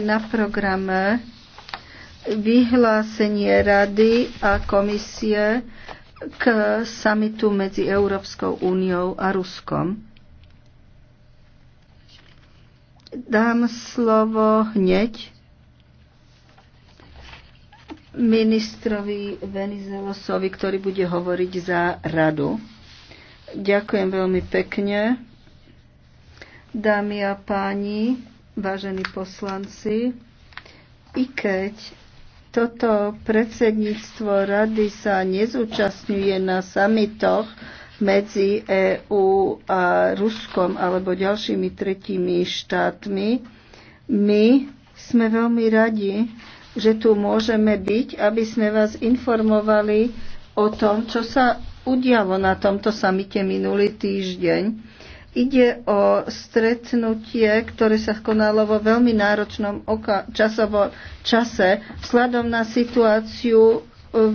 na programe vyhlásenie Rady a komisie k samitu medzi Európskou úniou a Ruskom. Dám slovo hneď ministrovi Venizelosovi, ktorý bude hovoriť za radu. Ďakujem veľmi pekne. Dámy a páni, vážení poslanci, i keď toto predsedníctvo rady sa nezúčastňuje na samitoch medzi EÚ a Ruskom alebo ďalšími tretími štátmi, my sme veľmi radi, že tu môžeme byť, aby sme vás informovali o tom, čo sa udialo na tomto samite minulý týždeň. Ide o stretnutie, ktoré sa konalo vo veľmi náročnom oka- časovo čase vzhľadom na situáciu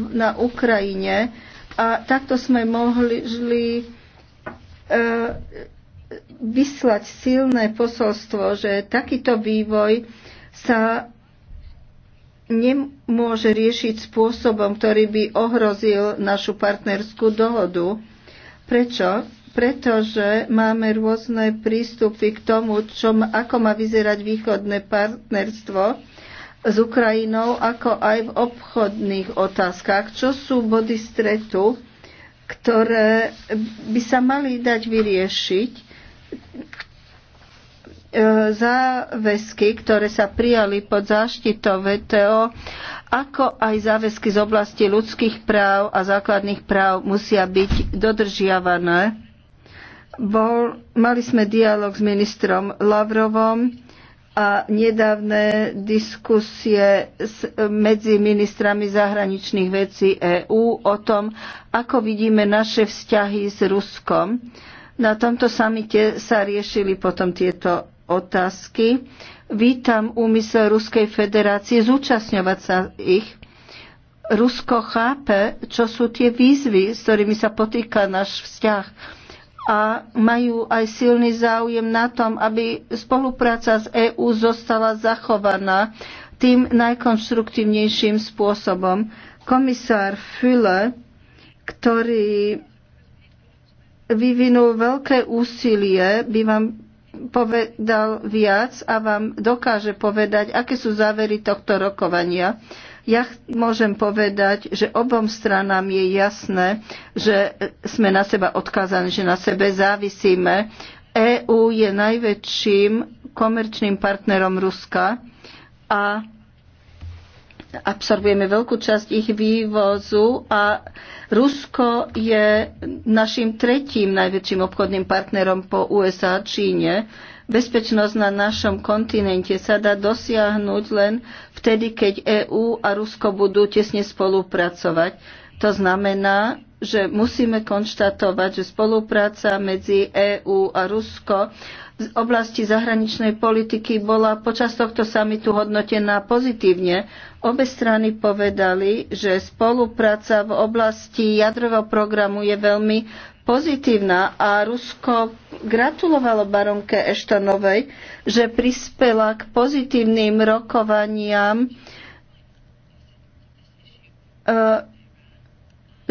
na Ukrajine a takto sme mohli žli, e, vyslať silné posolstvo, že takýto vývoj sa nemôže riešiť spôsobom, ktorý by ohrozil našu partnerskú dohodu. Prečo? pretože máme rôzne prístupy k tomu, čo, ako má vyzerať východné partnerstvo s Ukrajinou, ako aj v obchodných otázkach. Čo sú body stretu, ktoré by sa mali dať vyriešiť, e, záväzky, ktoré sa prijali pod záštitou VTO, ako aj záväzky z oblasti ľudských práv a základných práv musia byť dodržiavané. Bol, mali sme dialog s ministrom Lavrovom a nedávne diskusie s, medzi ministrami zahraničných vecí EÚ o tom, ako vidíme naše vzťahy s Ruskom. Na tomto samite sa riešili potom tieto otázky. Vítam úmysel Ruskej federácie zúčastňovať sa ich. Rusko chápe, čo sú tie výzvy, s ktorými sa potýka náš vzťah a majú aj silný záujem na tom, aby spolupráca s EÚ zostala zachovaná tým najkonštruktívnejším spôsobom. Komisár Füle, ktorý vyvinul veľké úsilie, by vám povedal viac a vám dokáže povedať, aké sú závery tohto rokovania. Ja môžem povedať, že obom stranám je jasné, že sme na seba odkázaní, že na sebe závisíme. EÚ je najväčším komerčným partnerom Ruska a absorbujeme veľkú časť ich vývozu a Rusko je našim tretím najväčším obchodným partnerom po USA a Číne. Bezpečnosť na našom kontinente sa dá dosiahnuť len vtedy, keď EÚ a Rusko budú tesne spolupracovať. To znamená, že musíme konštatovať, že spolupráca medzi EÚ a Rusko z oblasti zahraničnej politiky bola počas tohto samitu hodnotená pozitívne. Obe strany povedali, že spolupráca v oblasti jadrového programu je veľmi pozitívna a Rusko gratulovalo baronke Eštanovej, že prispela k pozitívnym rokovaniam e,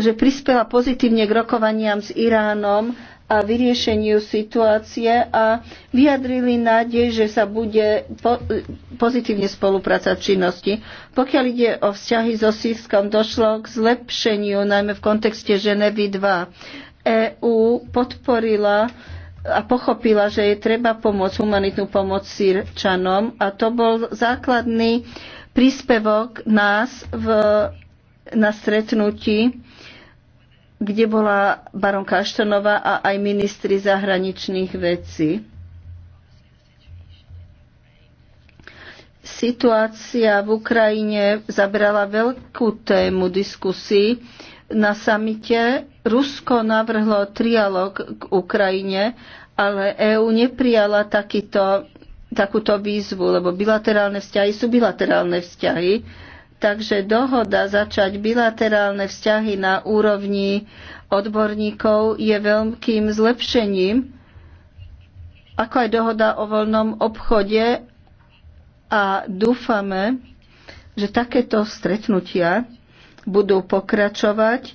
že prispela pozitívne k rokovaniam s Iránom a vyriešeniu situácie a vyjadrili nádej, že sa bude pozitívne spolupráca v činnosti. Pokiaľ ide o vzťahy so Sírskom, došlo k zlepšeniu, najmä v kontexte Ženevy 2. EÚ podporila a pochopila, že je treba pomôcť humanitnú pomoc Sýrčanom a to bol základný príspevok nás v, na stretnutí, kde bola baronka Aštonová a aj ministri zahraničných vecí. Situácia v Ukrajine zabrala veľkú tému diskusii na samite. Rusko navrhlo trialog k Ukrajine, ale EÚ neprijala takýto, takúto výzvu, lebo bilaterálne vzťahy sú bilaterálne vzťahy. Takže dohoda začať bilaterálne vzťahy na úrovni odborníkov je veľkým zlepšením, ako aj dohoda o voľnom obchode a dúfame, že takéto stretnutia budú pokračovať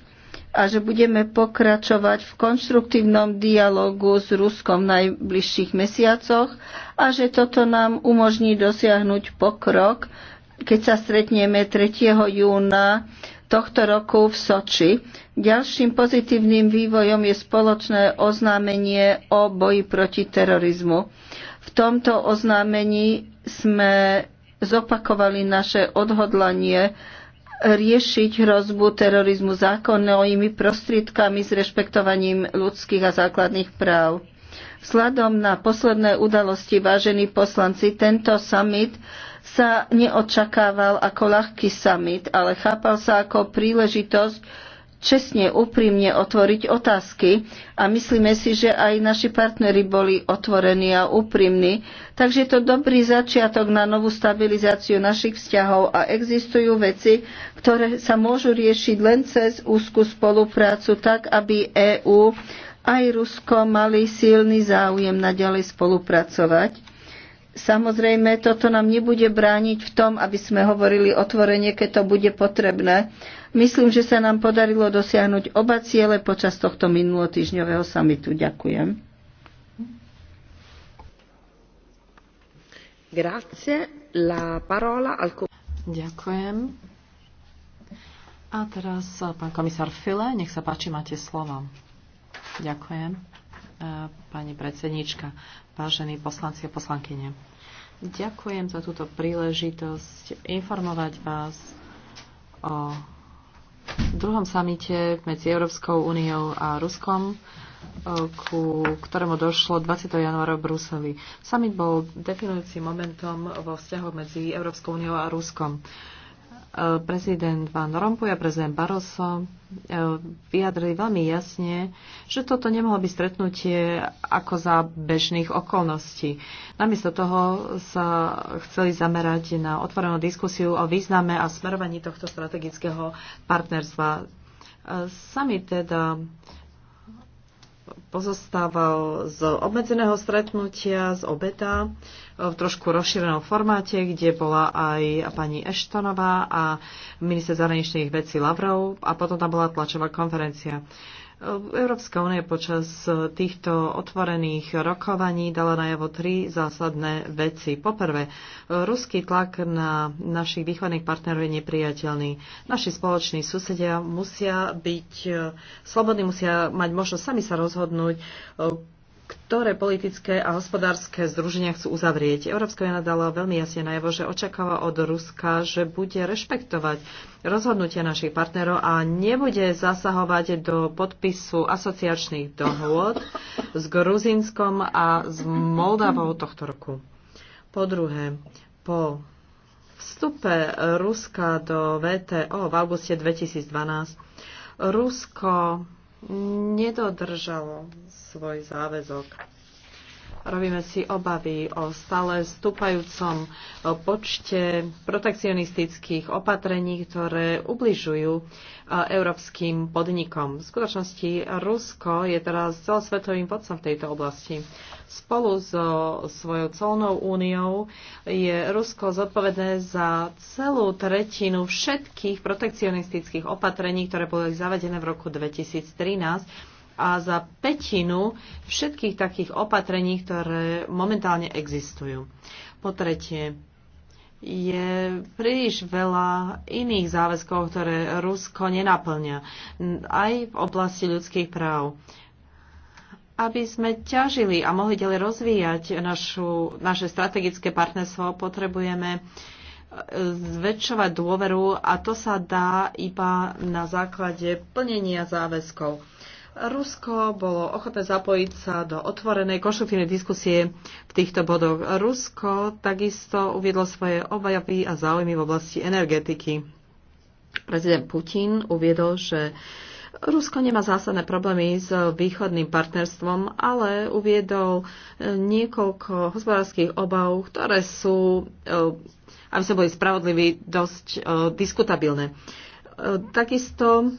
a že budeme pokračovať v konštruktívnom dialogu s Ruskom v najbližších mesiacoch a že toto nám umožní dosiahnuť pokrok, keď sa stretneme 3. júna tohto roku v Soči. Ďalším pozitívnym vývojom je spoločné oznámenie o boji proti terorizmu. V tomto oznámení sme zopakovali naše odhodlanie riešiť hrozbu terorizmu zákonnými prostriedkami s rešpektovaním ľudských a základných práv. Vzhľadom na posledné udalosti, vážení poslanci, tento summit sa neočakával ako ľahký summit, ale chápal sa ako príležitosť čestne, úprimne otvoriť otázky a myslíme si, že aj naši partneri boli otvorení a úprimní. Takže je to dobrý začiatok na novú stabilizáciu našich vzťahov a existujú veci, ktoré sa môžu riešiť len cez úzku spoluprácu, tak aby EÚ aj Rusko mali silný záujem naďalej spolupracovať. Samozrejme, toto nám nebude brániť v tom, aby sme hovorili otvorene, keď to bude potrebné, Myslím, že sa nám podarilo dosiahnuť oba ciele počas tohto minulotýžňového samitu. Ďakujem. Grazie. La parola al... Ďakujem. A teraz eh, pán komisár File, nech sa páči, máte slovo. Ďakujem. Eh, pani predsedníčka, vážení poslanci a poslankyne. Ďakujem za túto príležitosť informovať vás o v druhom samite medzi Európskou úniou a Ruskom, e, ku ktorému došlo 20. januára v Bruseli. Summit bol definujúcim momentom vo vzťahoch medzi Európskou úniou a Ruskom prezident Van Rompuy a prezident Barroso eh, vyjadrili veľmi jasne, že toto nemohlo byť stretnutie ako za bežných okolností. Namiesto toho sa chceli zamerať na otvorenú diskusiu o význame a smerovaní tohto strategického partnerstva. Eh, sami teda pozostával z obmedzeného stretnutia z obeda v trošku rozšírenom formáte, kde bola aj pani Eštonová a minister zahraničných vecí Lavrov a potom tam bola tlačová konferencia. Európska únia počas týchto otvorených rokovaní dala najavo tri zásadné veci. Poprvé, ruský tlak na našich východných partnerov je nepriateľný. Naši spoloční susedia musia byť slobodní, musia mať možnosť sami sa rozhodnúť, ktoré politické a hospodárske združenia chcú uzavrieť. Európska únia dala veľmi jasne najavo, že očakáva od Ruska, že bude rešpektovať rozhodnutia našich partnerov a nebude zasahovať do podpisu asociačných dohôd s Gruzinskom a s Moldavou tohto roku. Po druhé, po vstupe Ruska do VTO v auguste 2012 Rusko nedodržalo svoj záväzok. Robíme si obavy o stále stúpajúcom počte protekcionistických opatrení, ktoré ubližujú e, európskym podnikom. V skutočnosti Rusko je teraz celosvetovým vodcom v tejto oblasti. Spolu so svojou colnou úniou je Rusko zodpovedné za celú tretinu všetkých protekcionistických opatrení, ktoré boli zavedené v roku 2013 a za petinu všetkých takých opatrení, ktoré momentálne existujú. Po tretie, je príliš veľa iných záväzkov, ktoré Rusko nenaplňa, aj v oblasti ľudských práv. Aby sme ťažili a mohli ďalej rozvíjať našu, naše strategické partnerstvo, potrebujeme e, zväčšovať dôveru a to sa dá iba na základe plnenia záväzkov. Rusko bolo ochotné zapojiť sa do otvorenej konštruktívnej diskusie v týchto bodoch. Rusko takisto uviedlo svoje obavy a záujmy v oblasti energetiky. Prezident Putin uviedol, že Rusko nemá zásadné problémy s východným partnerstvom, ale uviedol niekoľko hospodárskych obav, ktoré sú, eh, aby sme boli spravodliví, dosť eh, diskutabilné. Eh, takisto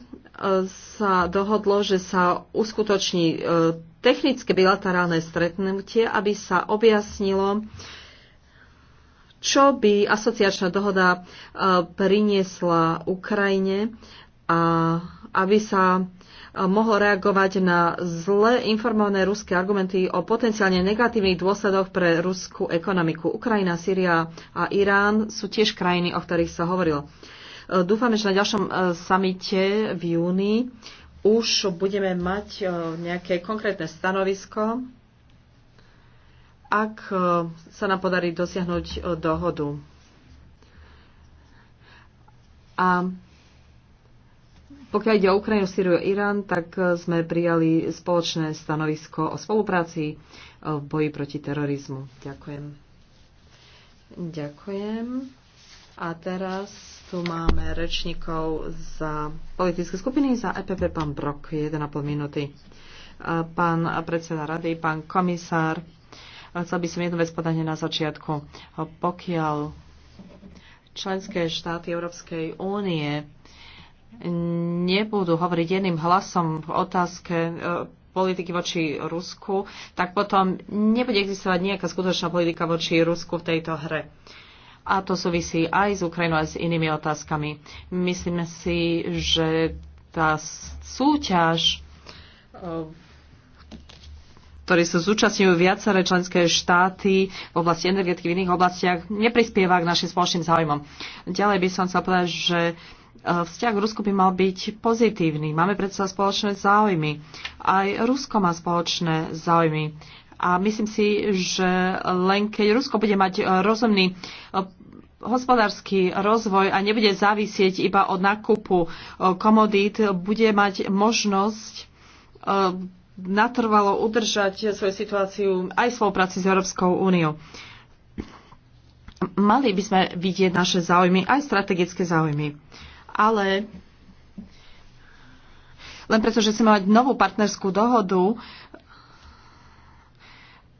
sa dohodlo, že sa uskutoční e, technické bilaterálne stretnutie, aby sa objasnilo, čo by asociačná dohoda e, priniesla Ukrajine a aby sa e, mohlo reagovať na zle informované ruské argumenty o potenciálne negatívnych dôsledoch pre ruskú ekonomiku. Ukrajina, Syria a Irán sú tiež krajiny, o ktorých sa hovorilo. E, dúfame, že na ďalšom e, samite v júni už budeme mať e, nejaké konkrétne stanovisko, ak sa nám podarí dosiahnuť dohodu. A pokiaľ ide o Ukrajinu, Syriu a Irán, tak sme prijali spoločné stanovisko o spolupráci v boji proti terorizmu. Ďakujem. Ďakujem. A teraz tu máme rečníkov za politické skupiny, za EPP pán Brok, 1,5 minúty. E, pán predseda rady, pán komisár, chcel by som jednu vec podať na začiatku. Pokiaľ členské štáty Európskej únie nebudú hovoriť jedným hlasom v otázke e, politiky voči Rusku, tak potom nebude existovať nejaká skutočná politika voči Rusku v tejto hre a to súvisí aj s Ukrajinou, aj s inými otázkami. Myslím si, že tá súťaž, eh, ktorej sa zúčastňujú viaceré členské štáty v oblasti energetiky v iných oblastiach, neprispieva k našim spoločným záujmom. Ďalej by som chcel povedať, že eh, vzťah k Rusku by mal byť pozitívny. Máme predsa spoločné záujmy. Aj Rusko má spoločné záujmy. A myslím si, že len keď Rusko bude mať e, rozumný e, hospodársky rozvoj a nebude závisieť iba od nákupu e, komodít, bude mať možnosť natrvalo udržať svoju situáciu aj spolupráci práci s Európskou úniou. Mali by sme vidieť naše záujmy, aj strategické záujmy. Ale len preto, že chceme mať novú partnerskú dohodu,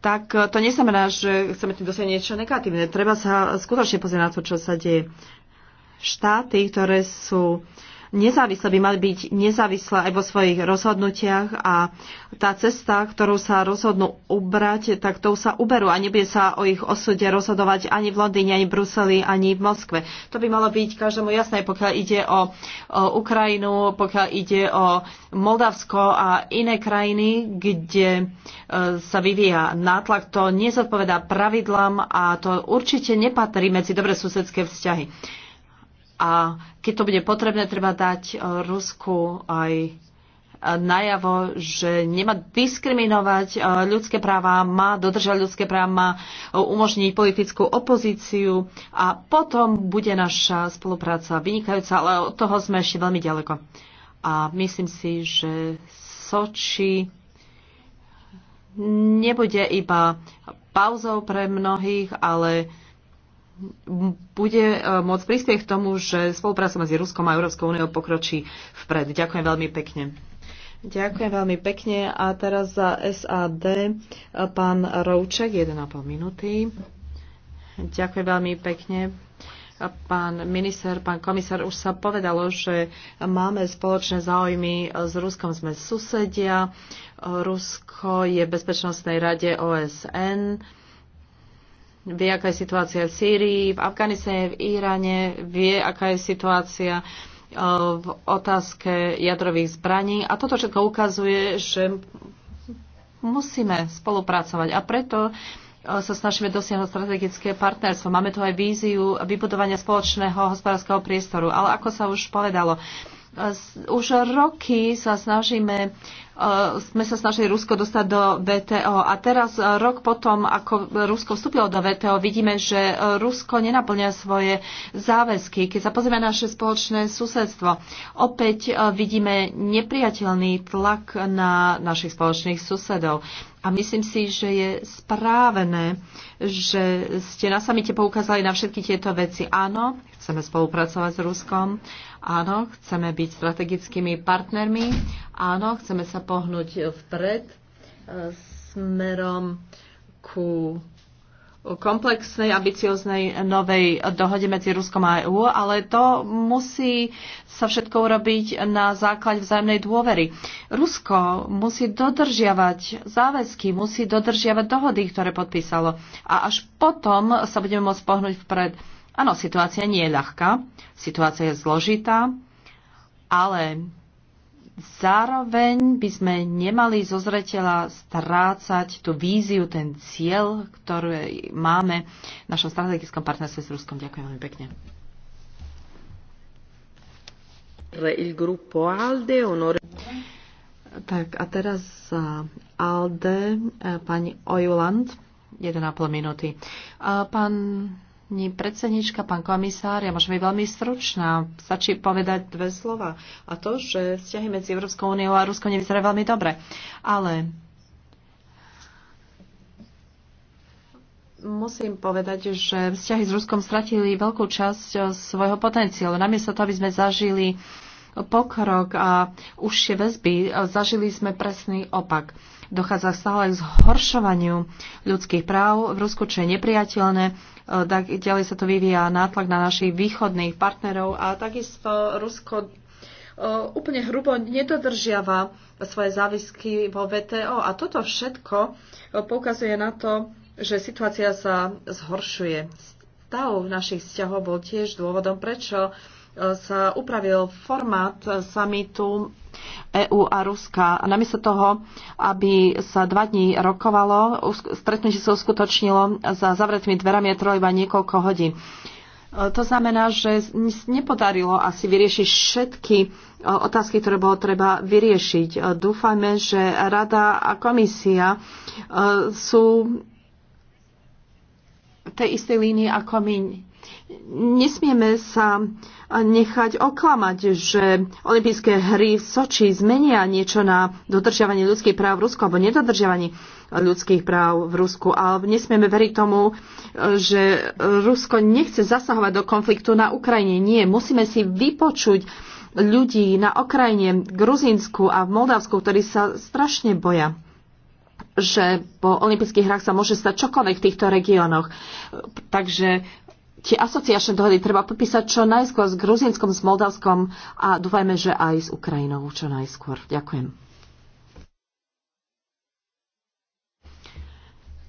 tak eh, to neznamená, že chceme tým dosiahnuť niečo negatívne. Treba sa skutočne pozrieť na to, čo sa deje. Štáty, ktoré sú nezávislé, by mali byť nezávislé aj vo svojich rozhodnutiach a tá cesta, ktorú sa rozhodnú ubrať, tak tou sa uberú a nebude sa o ich osude rozhodovať ani v Londýne, ani v Bruseli, ani v Moskve. To by malo byť každému jasné, pokiaľ ide o, o Ukrajinu, pokiaľ ide o Moldavsko a iné krajiny, kde e, sa vyvíja nátlak. To nezodpovedá pravidlám a to určite nepatrí medzi dobre susedské vzťahy. A keď to bude potrebné, treba dať e, Rusku aj e, najavo, že nemá diskriminovať e, ľudské práva, má dodržať ľudské práva, má umožniť politickú opozíciu a potom bude naša spolupráca vynikajúca, ale od toho sme ešte veľmi ďaleko. A myslím si, že Soči nebude iba pauzou pre mnohých, ale bude e, môcť prispieť k tomu, že spolupráca medzi Ruskom a Európskou úniou pokročí vpred. Ďakujem veľmi pekne. Ďakujem veľmi pekne a teraz za SAD e, pán Rouček, 1,5 minúty. Ďakujem veľmi pekne. Pán minister, pán komisár, už sa povedalo, že máme spoločné záujmy s Ruskom, sme susedia. Rusko je v Bezpečnostnej rade OSN vie, aká je situácia v Sýrii, v Afganistane, v Iráne, vie, aká je situácia e, v otázke jadrových zbraní. A toto všetko ukazuje, že musíme spolupracovať. A preto e, sa snažíme dosiahnuť strategické partnerstvo. Máme tu aj víziu vybudovania spoločného hospodárskeho priestoru. Ale ako sa už povedalo, už roky sa snažíme, eh, sme sa snažili Rusko dostať do VTO a teraz eh, rok potom, ako Rusko vstúpilo do VTO, vidíme, že eh, Rusko nenaplňa svoje záväzky. Keď sa pozrieme na naše spoločné susedstvo, opäť vidíme nepriateľný tlak na našich spoločných susedov. A myslím si, že je správené, že ste na samite poukázali na všetky tieto veci. Áno, chceme spolupracovať s Ruskom, Áno, chceme byť strategickými partnermi. Áno, chceme sa pohnúť vpred e, smerom ku komplexnej, ambicioznej novej dohode medzi Ruskom a EÚ, ale to musí sa všetko urobiť na základe vzájomnej dôvery. Rusko musí dodržiavať záväzky, musí dodržiavať dohody, ktoré podpísalo. A až potom sa budeme môcť pohnúť vpred. Áno, situácia nie je ľahká, situácia je zložitá, ale zároveň by sme nemali zo zretela strácať tú víziu, ten cieľ, ktorý máme v našom strategickom partnerstve s Ruskom. Ďakujem veľmi pekne. Tak a teraz za ALDE eh, pani Ojuland, 1,5 minúty. Eh, pán Pani predsednička, pán komisár, ja môžem byť veľmi stručná. Stačí povedať dve slova. A to, že vzťahy medzi Európskou úniou a Ruskou nevyzerajú veľmi dobre. Ale musím povedať, že vzťahy s Ruskom stratili veľkú časť eh, svojho potenciálu. Namiesto toho, aby sme zažili pokrok a užšie väzby, eh, zažili sme presný opak dochádza stále k zhoršovaniu ľudských práv v Rusku, čo je nepriateľné Eh, tak ďalej sa to vyvíja nátlak na našich východných partnerov a takisto Rusko eh, úplne hrubo nedodržiava svoje závisky vo VTO. A toto všetko eh, poukazuje na to, že situácia sa zhoršuje. Stav našich vzťahov bol tiež dôvodom, prečo sa upravil formát samitu EÚ a Ruska. A namiesto toho, aby sa dva dní rokovalo, stretnutie sa uskutočnilo za zavretými dverami, je trvalo iba niekoľko hodín. E, to znamená, že nepodarilo asi vyriešiť všetky e, otázky, ktoré bolo treba vyriešiť. E, dúfajme, že Rada a komisia sú tej istej línii ako my nesmieme sa nechať oklamať, že olympijské hry v Soči zmenia niečo na dodržiavanie ľudských práv v Rusku alebo nedodržiavanie ľudských práv v Rusku. Ale nesmieme veriť tomu, že Rusko nechce zasahovať do konfliktu na Ukrajine. Nie, musíme si vypočuť ľudí na Ukrajine, Gruzínsku a v Moldavsku, ktorí sa strašne boja že po olympijských hrách sa môže stať čokoľvek v týchto regiónoch. Takže tie asociačné dohody treba podpísať čo najskôr s Gruzinskom, s Moldavskom a dúfajme, že aj s Ukrajinou čo najskôr. Ďakujem.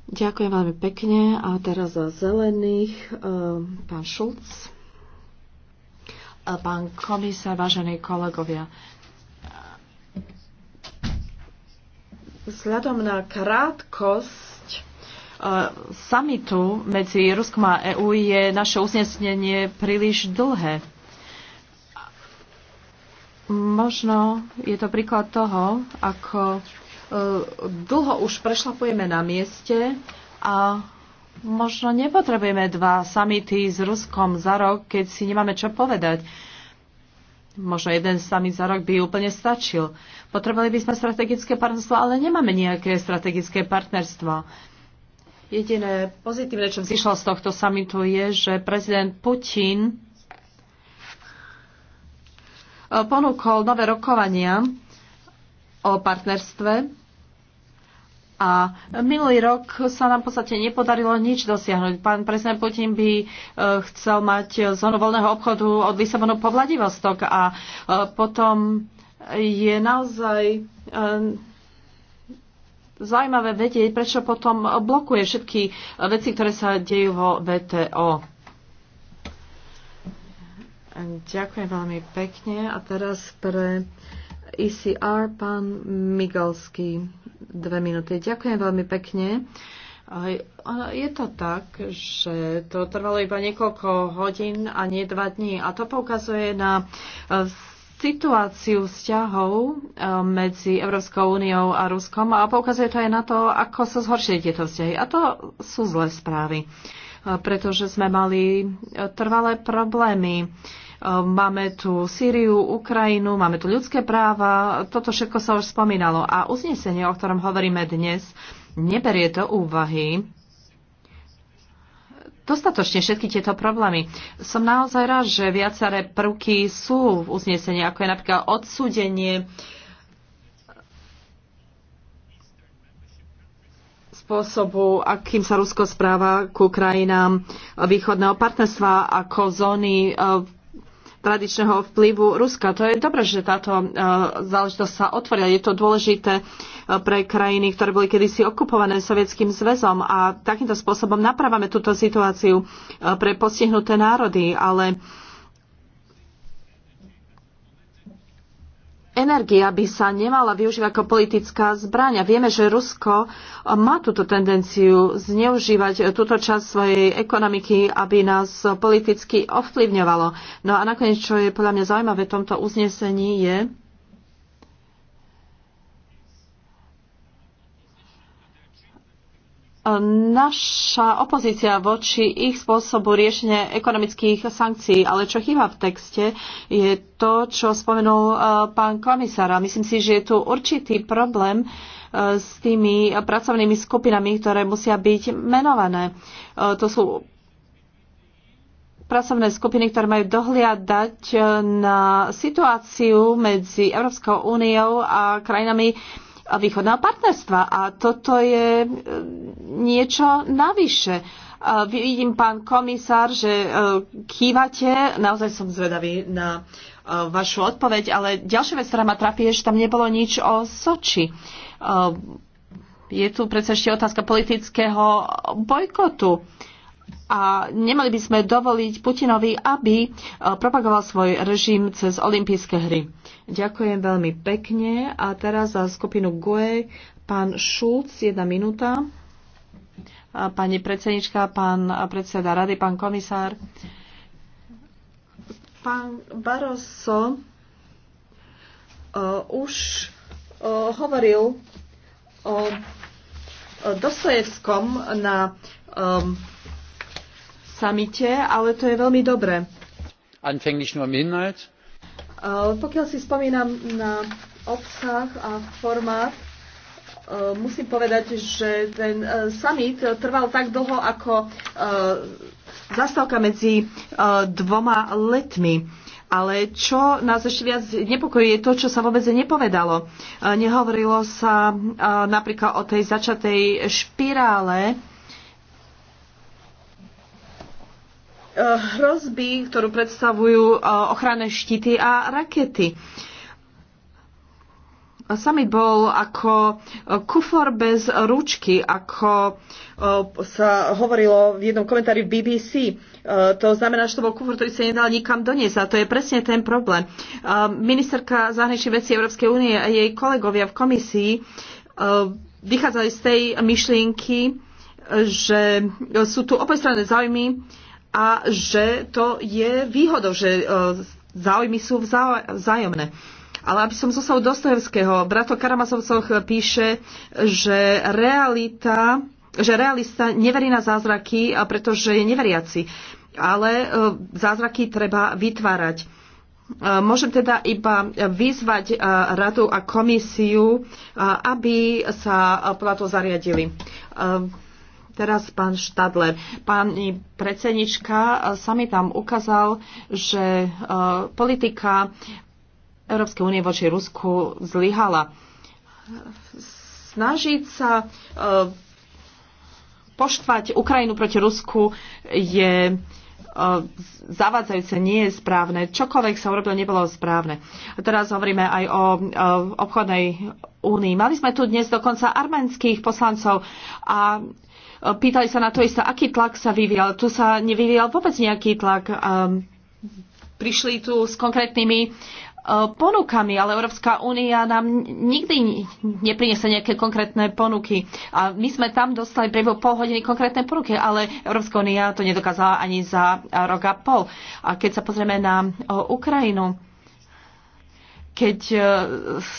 Ďakujem veľmi pekne. A teraz za zelených eh, pán Šulc. Eh, pán komisár, vážení kolegovia, vzhľadom na krátkosť Eh, samitu medzi Ruskom a EÚ je naše uznesnenie príliš dlhé. Možno je to príklad toho, ako eh, dlho už prešlapujeme na mieste a možno nepotrebujeme dva samity s Ruskom za rok, keď si nemáme čo povedať. Možno jeden samý za rok by úplne stačil. Potrebovali by sme strategické partnerstvo, ale nemáme nejaké strategické partnerstvo Jediné pozitívne, čo vzýšlo z tohto samitu, je, že prezident Putin e, ponúkol nové rokovania o partnerstve a minulý rok sa nám v podstate nepodarilo nič dosiahnuť. Pán prezident Putin by e, chcel mať zónu voľného obchodu od Lisabonu po Vladivostok a e, potom je naozaj zaujímavé vedieť, prečo potom blokuje všetky veci, ktoré sa dejú vo VTO. Ďakujem veľmi pekne. A teraz pre ECR pán Migalský. Dve minúty. Ďakujem veľmi pekne. Je to tak, že to trvalo iba niekoľko hodín a nie dva dní. A to poukazuje na situáciu vzťahov eh, medzi Európskou úniou a Ruskom a poukazuje to aj na to, ako sa zhoršili tieto vzťahy. A to sú zlé správy, eh, pretože sme mali eh, trvalé problémy. Máme tu Sýriu, Ukrajinu, máme tu ľudské práva, toto všetko sa už spomínalo. A uznesenie, o ktorom hovoríme dnes, neberie to úvahy dostatočne všetky tieto problémy. Som naozaj rád, že viaceré prvky sú v uznesení, ako je napríklad odsúdenie spôsobu, akým sa Rusko správa ku krajinám východného partnerstva ako zóny, eh, tradičného vplyvu Ruska. To je dobré, že táto e, záležitosť sa otvorila. Je to dôležité e, pre krajiny, ktoré boli kedysi okupované Sovietským zväzom a takýmto spôsobom napravame túto situáciu e, pre postihnuté národy, ale energia by sa nemala využívať ako politická zbraň. Vieme, že Rusko má túto tendenciu zneužívať túto časť svojej ekonomiky, aby nás politicky ovplyvňovalo. No a nakoniec, čo je podľa mňa zaujímavé v tomto uznesení, je, naša opozícia voči ich spôsobu riešenia ekonomických sankcií. Ale čo chýba v texte, je to, čo spomenul e, pán komisár. A myslím si, že je tu určitý problém e, s tými pracovnými skupinami, ktoré musia byť menované. E, to sú pracovné skupiny, ktoré majú dohliadať na situáciu medzi Európskou úniou a krajinami východného partnerstva. A toto je e, niečo navyše. E, vidím, pán komisár, že e, kývate. Naozaj som zvedavý na vašu odpoveď, ale ďalšia vec, ktorá ma trafí, je, že tam nebolo nič o Soči. Je tu predsa ešte otázka politického bojkotu a nemali by sme dovoliť Putinovi, aby e, propagoval svoj režim cez olympijské hry. Ďakujem veľmi pekne a teraz za skupinu GUE pán Šulc, jedna minúta. Pani predsednička, pán predseda rady, pán komisár. Pán Barroso uh, už uh, hovoril o Dostojevskom na um, samite, ale to je veľmi dobré. Anfänglich nur im Inhalt. E, pokiaľ si spomínam na obsah a formát, e, musím povedať, že ten e, summit trval tak dlho ako zastávka medzi dvoma letmi. Ale čo nás ešte viac nepokojí, je to, čo sa vôbec nepovedalo. Nehovorilo sa napríklad o tej začatej špirále, hrozby, ktorú predstavujú e, ochranné štity a rakety. Sami bol ako e, kufor bez ručky, ako e, sa hovorilo v jednom komentári v BBC. To znamená, že to bol kufor, ktorý sa nedal nikam doniesť a to je presne ten problém. Ministerka zahraničných vecí Európskej únie a jej kolegovia v komisii vychádzali z tej myšlienky, že sú tu obojstranné záujmy a že to je výhodou, že e, záujmy sú vzájomné. Ale aby som zostal Dostojevského, brato Karamazovcoch píše, že realita že realista neverí na zázraky, pretože je neveriaci. Ale e, zázraky treba vytvárať. E, môžem teda iba vyzvať radu a komisiu, aby sa podľa toho zariadili. Teraz pán Štadler. Pani predsednička sa mi tam ukázal, že e, politika Európskej únie voči Rusku zlyhala. Snažiť sa e, poštvať Ukrajinu proti Rusku je e, zavádzajúce, nie je správne. Čokoľvek sa urobilo, nebolo správne. A teraz hovoríme aj o obchodnej únii. Mali sme tu dnes dokonca arménskych poslancov a pýtali sa na to isté, aký tlak sa vyvíjal. Tu sa nevyvíjal vôbec nejaký tlak. Prišli tu s konkrétnymi e, ponukami, ale Európska únia nám nikdy nepriniesie nejaké konkrétne ponuky. A my sme tam dostali priebehu pol hodiny konkrétne ponuky, ale Európska únia to nedokázala ani za rok a pol. A keď sa pozrieme na Ukrajinu, keď e,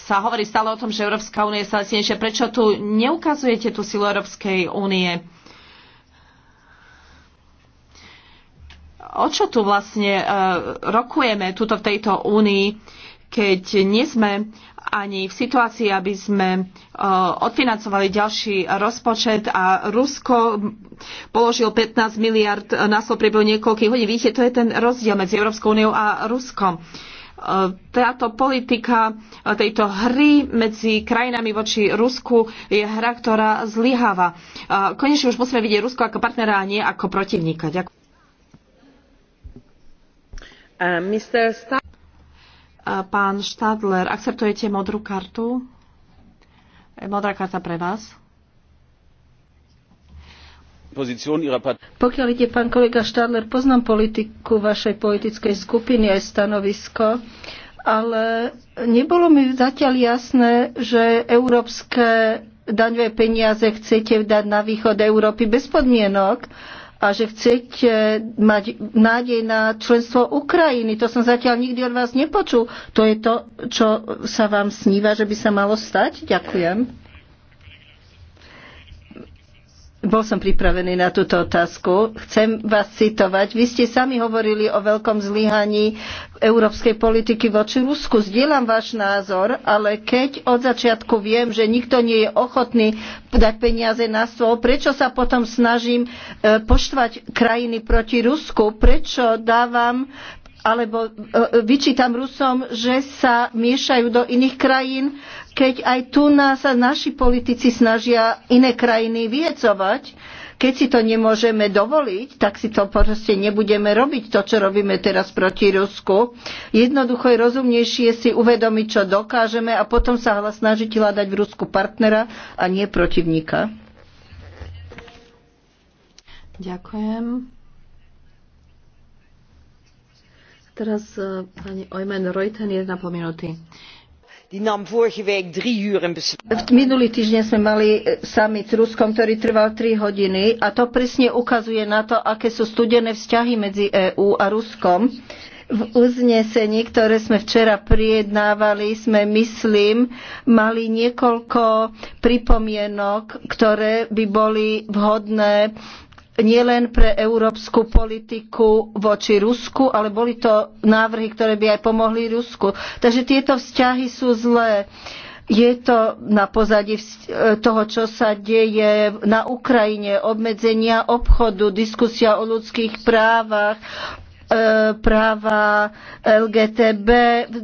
sa hovorí stále o tom, že Európska únia je silnejšia, prečo tu neukazujete tú silu Európskej únie? o čo tu vlastne e, rokujeme tuto v tejto únii, keď nie sme ani v situácii, aby sme e, odfinancovali ďalší rozpočet a Rusko položil 15 miliard na svoj priebehu niekoľkých hodín. Vidíte, to je ten rozdiel medzi Európskou úniou a Ruskom. E, táto politika tejto hry medzi krajinami voči Rusku je hra, ktorá zlyháva. Konečne už musíme vidieť Rusko ako partnera a nie ako protivníka. Ďakujem. Uh, pán Štadler, akceptujete modrú kartu? E, modrá karta pre vás. Pokiaľ ide, pán kolega Štadler, poznám politiku vašej politickej skupiny aj stanovisko, ale nebolo mi zatiaľ jasné, že európske daňové peniaze chcete dať na východ Európy bez podmienok a že chcete mať nádej na členstvo Ukrajiny. To som zatiaľ nikdy od vás nepočul. To je to, čo sa vám sníva, že by sa malo stať? Ďakujem. Bol som pripravený na túto otázku. Chcem vás citovať. Vy ste sami hovorili o veľkom zlyhaní európskej politiky voči Rusku. Zdieľam váš názor, ale keď od začiatku viem, že nikto nie je ochotný dať peniaze na stôl, prečo sa potom snažím e, poštvať krajiny proti Rusku? Prečo dávam alebo e, e, vyčítam Rusom, že sa miešajú do iných krajín, keď aj tu na, sa naši politici snažia iné krajiny viecovať. Keď si to nemôžeme dovoliť, tak si to proste nebudeme robiť, to, čo robíme teraz proti Rusku. Jednoducho je rozumnejšie si uvedomiť, čo dokážeme a potom sa hlas snažiť hľadať v Rusku partnera a nie protivníka. Ďakujem. Teraz e, pani Ojmen Reuten, po minúty. Minulý týždeň sme mali e, summit s Ruskom, ktorý trval 3 hodiny a to presne ukazuje na to, aké sú studené vzťahy medzi EÚ a Ruskom. V uznesení, ktoré sme včera prijednávali, sme, myslím, mali niekoľko pripomienok, ktoré by boli vhodné nielen pre európsku politiku voči Rusku, ale boli to návrhy, ktoré by aj pomohli Rusku. Takže tieto vzťahy sú zlé. Je to na pozadí toho, čo sa deje na Ukrajine, obmedzenia obchodu, diskusia o ľudských právach, E, práva LGTB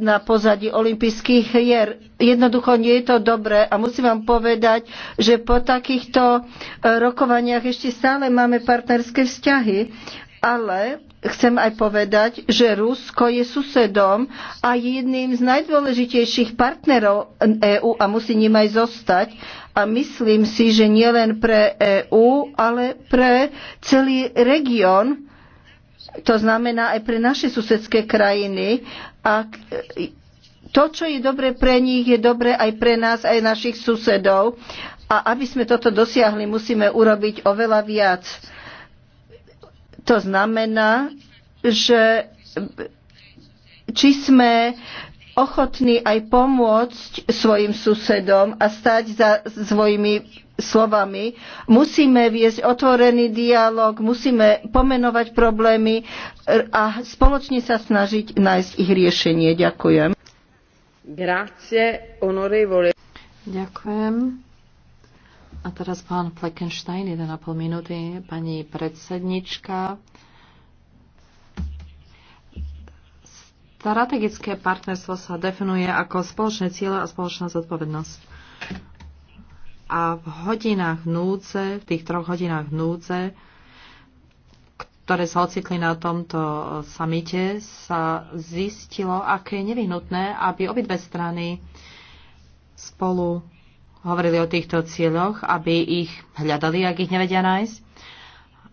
na pozadí olympijských hier. Jednoducho nie je to dobré a musím vám povedať, že po takýchto e, rokovaniach ešte stále máme partnerské vzťahy, ale chcem aj povedať, že Rusko je susedom a jedným z najdôležitejších partnerov EÚ a musí ním aj zostať. A myslím si, že nielen pre EÚ, ale pre celý región, to znamená aj pre naše susedské krajiny. A to, čo je dobre pre nich, je dobre aj pre nás, aj našich susedov. A aby sme toto dosiahli, musíme urobiť oveľa viac. To znamená, že či sme ochotní aj pomôcť svojim susedom a stať za svojimi slovami. Musíme viesť otvorený dialog, musíme pomenovať problémy a spoločne sa snažiť nájsť ich riešenie. Ďakujem. Grazie, onorevole. Ďakujem. A teraz pán Fleckenstein, 1,5 minúty, pani predsednička. Strategické partnerstvo sa definuje ako spoločné cieľe a spoločná zodpovednosť. A v hodinách núdze, v tých troch hodinách núdze, ktoré sa ocitli na tomto eh, samite, sa zistilo, aké je nevyhnutné, aby obidve strany spolu hovorili o týchto cieľoch, aby ich hľadali, ak ich nevedia nájsť,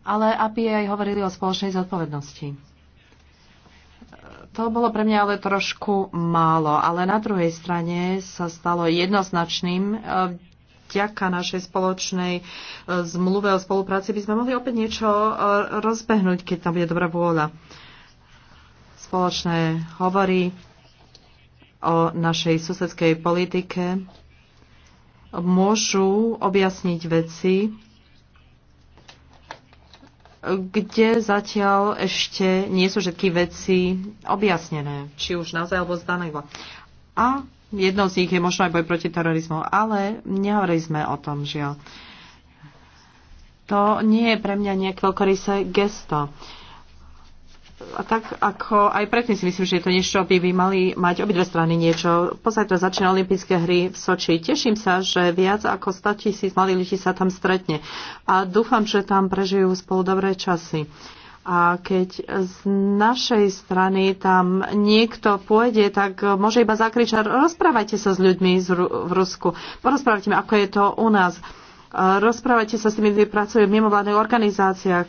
ale aby aj hovorili o spoločnej zodpovednosti to bolo pre mňa ale trošku málo, ale na druhej strane sa stalo jednoznačným e, vďaka našej spoločnej e, zmluve o spolupráci by sme mohli opäť niečo e, rozbehnúť, keď tam bude dobrá vôľa. Spoločné hovory o našej susedskej politike môžu objasniť veci, kde zatiaľ ešte nie sú všetky veci objasnené, či už naozaj alebo zdanlivo. A jednou z nich je možno aj boj proti terorizmu, ale nehovorili sme o tom, žiaľ. To nie je pre mňa nejaké veľkorysé gesto. Uh, a tak ako aj predtým si myslím, že je to niečo, aby by mali mať obidve strany niečo. Pozajtra začína olympijské hry v Soči. Teším sa, že viac ako 100 tisíc malých ľudí sa tam stretne. A dúfam, že tam prežijú spolu dobré časy. A keď z našej strany tam niekto pôjde, tak môže iba zakričať, rozprávajte sa s ľuďmi v Rusku, porozprávajte mi, ako je to u nás Rozprávajte sa s tými, ktorí pracujú v mimovládnych organizáciách.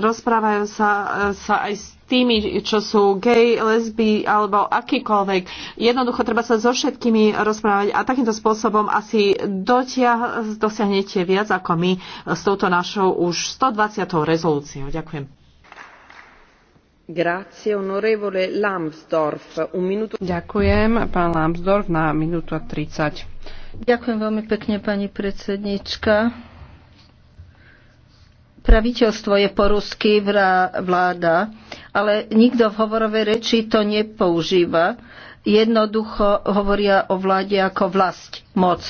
Rozprávajú sa, e, sa aj s tými, čo sú gay, lesby alebo akýkoľvek. Jednoducho treba sa so všetkými rozprávať a takýmto spôsobom asi dotiah, dosiahnete viac ako my s touto našou už 120. rezolúciou. Ďakujem. Grazie, Ďakujem, pán Lambsdorff, na minútu a 30. Ďakujem veľmi pekne, pani predsednička. Praviteľstvo je po rusky vláda, ale nikto v hovorovej reči to nepoužíva. Jednoducho hovoria o vláde ako vlast, moc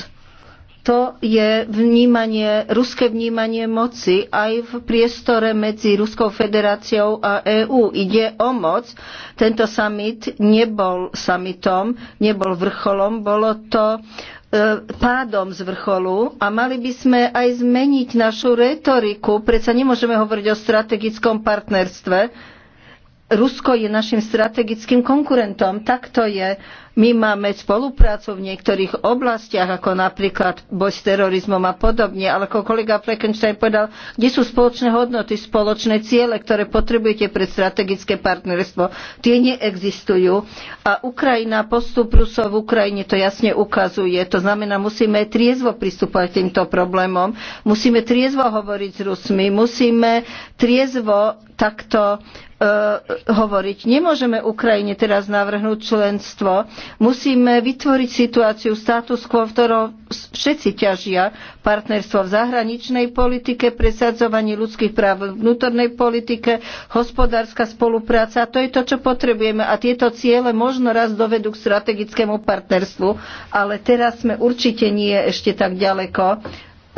to je vnímanie, ruské vnímanie moci aj v priestore medzi Ruskou federáciou a EÚ. Ide o moc. Tento summit nebol summitom, nebol vrcholom, bolo to E, pádom z vrcholu a mali by sme aj zmeniť našu retoriku. Predsa nemôžeme hovoriť o strategickom partnerstve, Rusko je našim strategickým konkurentom. Tak to je. My máme spoluprácu v niektorých oblastiach, ako napríklad boj s terorizmom a podobne, ale ako kolega Fleckenstein povedal, kde sú spoločné hodnoty, spoločné ciele, ktoré potrebujete pre strategické partnerstvo. Tie neexistujú. A Ukrajina, postup Rusov v Ukrajine to jasne ukazuje. To znamená, musíme triezvo pristupovať k týmto problémom, musíme triezvo hovoriť s Rusmi, musíme triezvo takto Eh, hovoriť. Nemôžeme Ukrajine teraz navrhnúť členstvo. Musíme vytvoriť situáciu status quo, v ktorom všetci ťažia partnerstvo v zahraničnej politike, presadzovanie ľudských práv v vnútornej politike, hospodárska spolupráca. A to je to, čo potrebujeme. A tieto ciele možno raz dovedú k strategickému partnerstvu, ale teraz sme určite nie ešte tak ďaleko.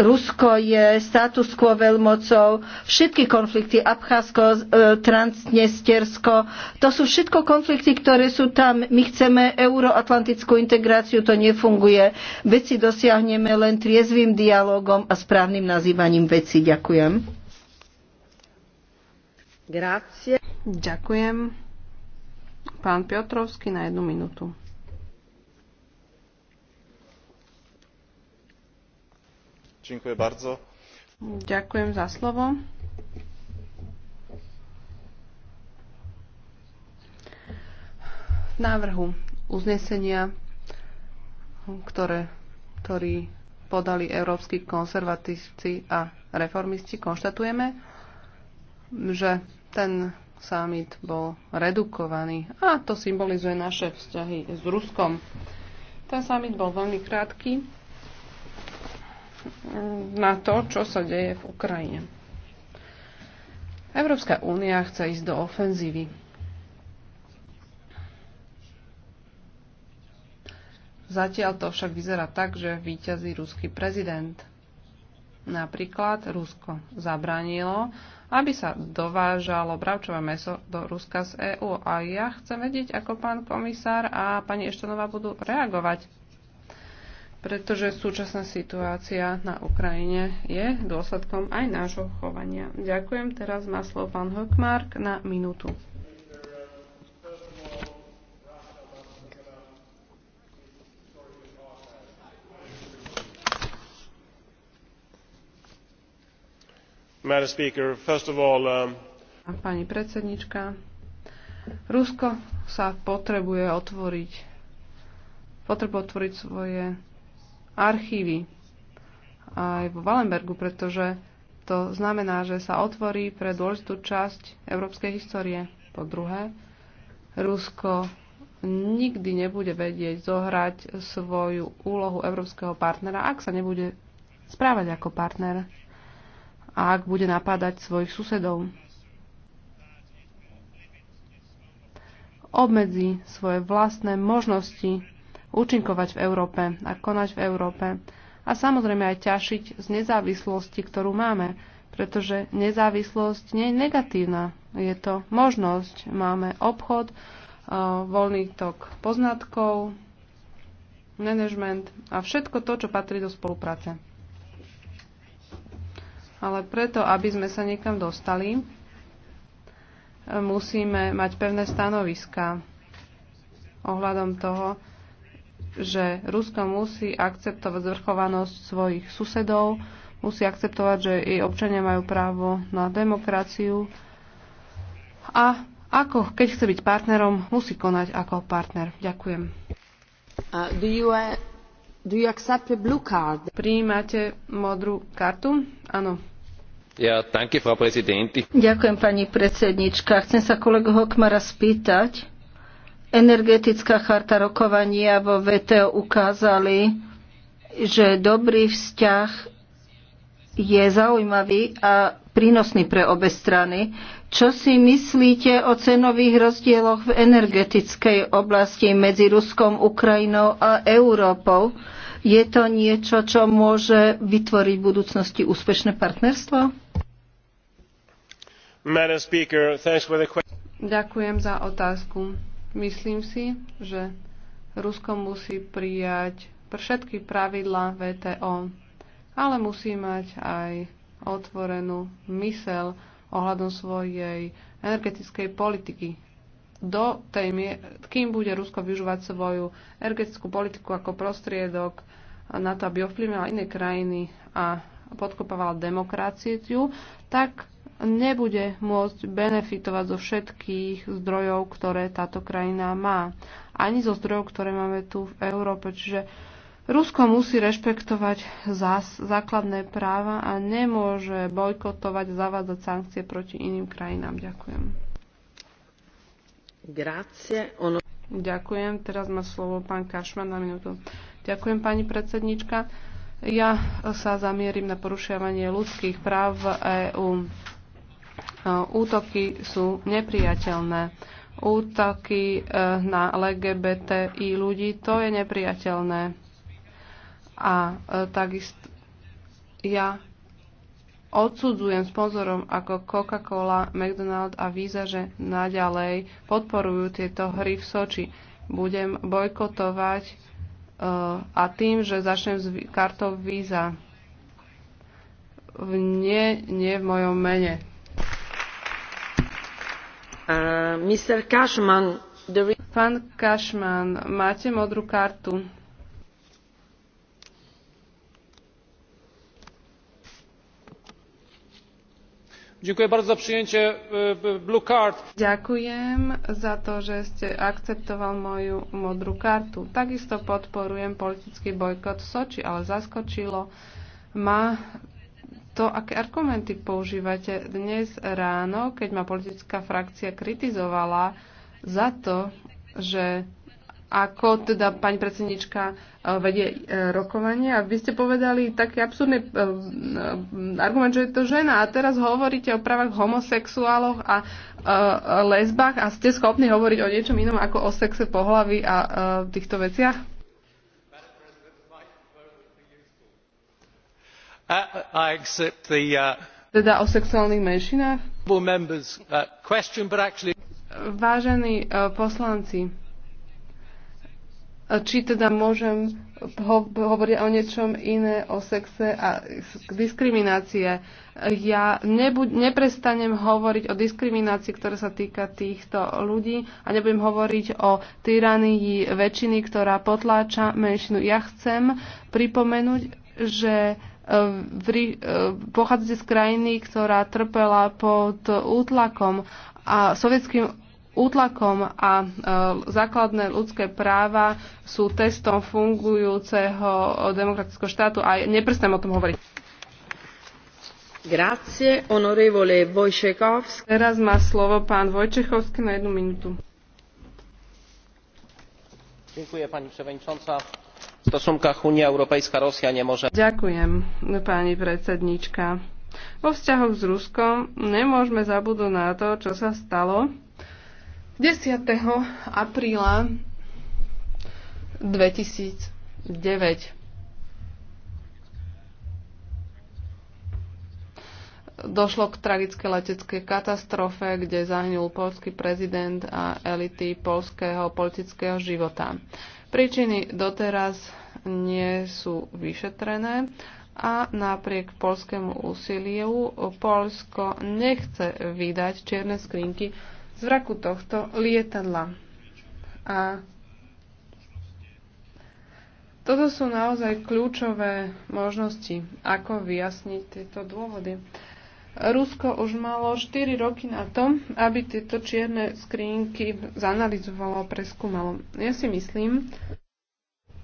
Rusko je status quo veľmocou, všetky konflikty, Abcházsko, e, Transnestersko, to sú všetko konflikty, ktoré sú tam. My chceme euroatlantickú integráciu, to nefunguje. Veci dosiahneme len triezvým dialogom a správnym nazývaním veci. Ďakujem. Grazie. Ďakujem. Pán Piotrovský na jednu minútu. Ďakujem bardzo. za slovo. návrhu uznesenia, ktoré, ktorý podali európsky konzervatívci a reformisti, konštatujeme, že ten summit bol redukovaný a to symbolizuje naše vzťahy s Ruskom. Ten summit bol veľmi krátky na to, čo sa deje v Ukrajine. Európska únia chce ísť do ofenzívy. Zatiaľ to však vyzerá tak, že víťazí ruský prezident. Napríklad Rusko zabránilo, aby sa dovážalo bravčové meso do Ruska z EÚ. A ja chcem vedieť, ako pán komisár a pani Eštonová budú reagovať pretože súčasná situácia na Ukrajine je dôsledkom aj nášho chovania. Ďakujem. Teraz má slovo pán Hökmark na minútu. Um, pani predsednička, Rusko sa potrebuje otvoriť, potrebuje otvoriť svoje archívy aj vo Valenbergu, pretože to znamená, že sa otvorí pre dôležitú časť európskej histórie. Po druhé, Rusko nikdy nebude vedieť zohrať svoju úlohu európskeho partnera, ak sa nebude správať ako partner a ak bude napádať svojich susedov. Obmedzí svoje vlastné možnosti účinkovať v Európe a konať v Európe. A samozrejme aj ťašiť z nezávislosti, ktorú máme, pretože nezávislosť nie je negatívna. Je to možnosť. Máme obchod, e, voľný tok poznatkov, management a všetko to, čo patrí do spolupráce. Ale preto, aby sme sa niekam dostali, e, musíme mať pevné stanoviska ohľadom toho, že Rusko musí akceptovať zvrchovanosť svojich susedov, musí akceptovať, že jej občania majú právo na demokraciu a ako, keď chce byť partnerom, musí konať ako partner. Ďakujem. Uh, do you, uh, do you accept blue card? Prijímate modrú kartu? Áno. Ja, danke, Frau Ďakujem, pani predsednička. Chcem sa kolegu Hokmara spýtať, Energetická charta rokovania vo VTO ukázali, že dobrý vzťah je zaujímavý a prínosný pre obe strany. Čo si myslíte o cenových rozdieloch v energetickej oblasti medzi Ruskom, Ukrajinou a Európou? Je to niečo, čo môže vytvoriť v budúcnosti úspešné partnerstvo? Ďakujem za otázku Myslím si, že Rusko musí prijať všetky pravidlá VTO, ale musí mať aj otvorenú mysel ohľadom svojej energetickej politiky. Do tej kým bude Rusko využívať svoju energetickú politiku ako prostriedok na to, aby ovplyvnila iné krajiny a podkopávala demokraciu, tak nebude môcť benefitovať zo všetkých zdrojov, ktoré táto krajina má. Ani zo zdrojov, ktoré máme tu v Európe. Čiže Rusko musí rešpektovať zás, základné práva a nemôže bojkotovať, zavádzať sankcie proti iným krajinám. Ďakujem. Grazie. Ono... Ďakujem. Teraz má slovo pán Kašman na minútu. Ďakujem, pani predsednička. Ja sa zamierim na porušovanie ľudských práv v EÚ Eh, útoky sú nepriateľné. Útoky eh, na LGBTI ľudí, to je nepriateľné. A eh, takisto ja odsudzujem sponzorom ako Coca-Cola, McDonald a Visa, že naďalej podporujú tieto hry v Soči. Budem bojkotovať uh, a tým, že začnem s kartou Visa. V nie, nie v mojom mene. Uh, Pán Cashman, máte modrú kartu. E, e, Ďakujem za to, že ste akceptoval moju modrú kartu. Takisto podporujem politický bojkot v Soči, ale zaskočilo ma to, aké argumenty používate dnes ráno, keď ma politická frakcia kritizovala za to, že ako teda pani predsednička e, vedie e, rokovanie a vy ste povedali taký absurdný e, argument, že je to žena a teraz hovoríte o právach homosexuáloch a lesbách a ste schopní hovoriť o niečom inom ako o sexe pohlaví a týchto veciach? Uh, uh, teda o sexuálnych menšinách? Uh, Vážení poslanci, či teda môžem ho- hovoriť o niečom iné, o sexe a diskriminácie. Ja nebu- neprestanem hovoriť o diskriminácii, ktorá sa týka týchto ľudí a nebudem hovoriť o tyranii väčšiny, ktorá potláča menšinu. Ja chcem pripomenúť, že Eh, pochádzate z krajiny, ktorá trpela pod útlakom a sovietským útlakom a e, základné ľudské práva sú testom fungujúceho demokratického štátu a neprestanem o tom hovoriť. Grazie, onorevole Vojčekovský. Teraz má slovo pán Vojčechovský na jednu minútu. Ďakujem, pani przewodnicząca v stosunkách Únia Európejska Rosia nemôže... Ďakujem, pani predsednička. Vo vzťahoch s Ruskom nemôžeme zabudnúť na to, čo sa stalo 10. apríla 2009. Došlo k tragické leteckej katastrofe, kde zahynul polský prezident a elity polského politického života. Príčiny doteraz nie sú vyšetrené a napriek polskému úsiliu Polsko nechce vydať čierne skrinky z vraku tohto lietadla. A toto sú naozaj kľúčové možnosti, ako vyjasniť tieto dôvody. Rusko už malo 4 roky na to, aby tieto čierne skrinky zanalizovalo a preskúmalo. Ja si myslím,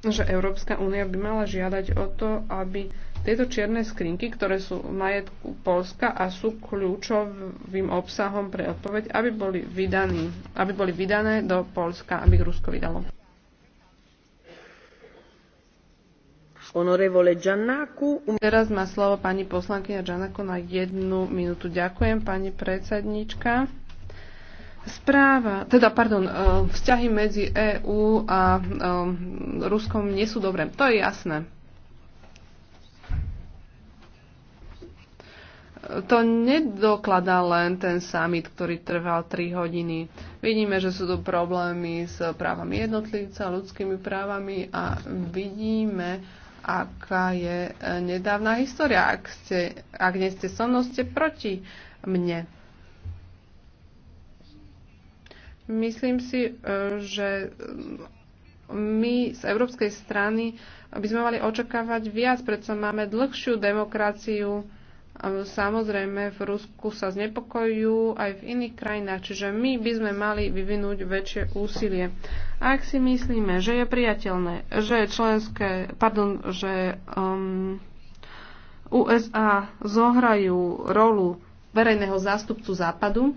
že Európska únia by mala žiadať o to, aby tieto čierne skrinky, ktoré sú v majetku Polska a sú kľúčovým obsahom pre odpoveď, aby boli, vydaní, aby boli vydané do Polska, aby ich Rusko vydalo. Teraz má slovo pani poslankyňa Džanako na jednu minútu. Ďakujem, pani predsednička. Správa, teda, pardon, e, vzťahy medzi EÚ a e, Ruskom nie sú dobré. To je jasné. To nedokladá len ten summit, ktorý trval 3 hodiny. Vidíme, že sú tu problémy s právami jednotlivca, ľudskými právami a vidíme, aká je e, nedávna história. Ak, ste, ak nie ste so mnou, ste proti mne. Myslím si, e, že e, my z európskej strany by sme mali očakávať viac, predsa máme dlhšiu demokraciu, Samozrejme, v Rusku sa znepokojujú aj v iných krajinách, čiže my by sme mali vyvinúť väčšie úsilie. Ak si myslíme, že je priateľné, že členské, pardon, že um, USA zohrajú rolu verejného zástupcu Západu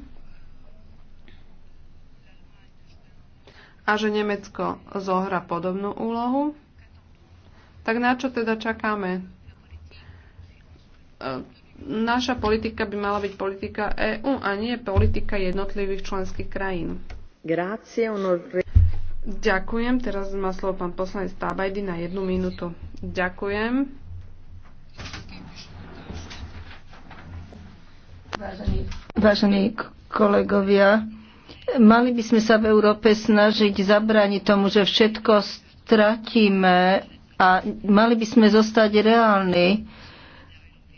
a že Nemecko zohra podobnú úlohu, tak na čo teda čakáme? naša politika by mala byť politika EÚ a nie politika jednotlivých členských krajín. Grazie, onore... Ďakujem. Teraz má slovo pán poslanec Tábajdy na jednu minútu. Ďakujem. Vážení, vážení kolegovia, mali by sme sa v Európe snažiť zabrániť tomu, že všetko stratíme a mali by sme zostať reálni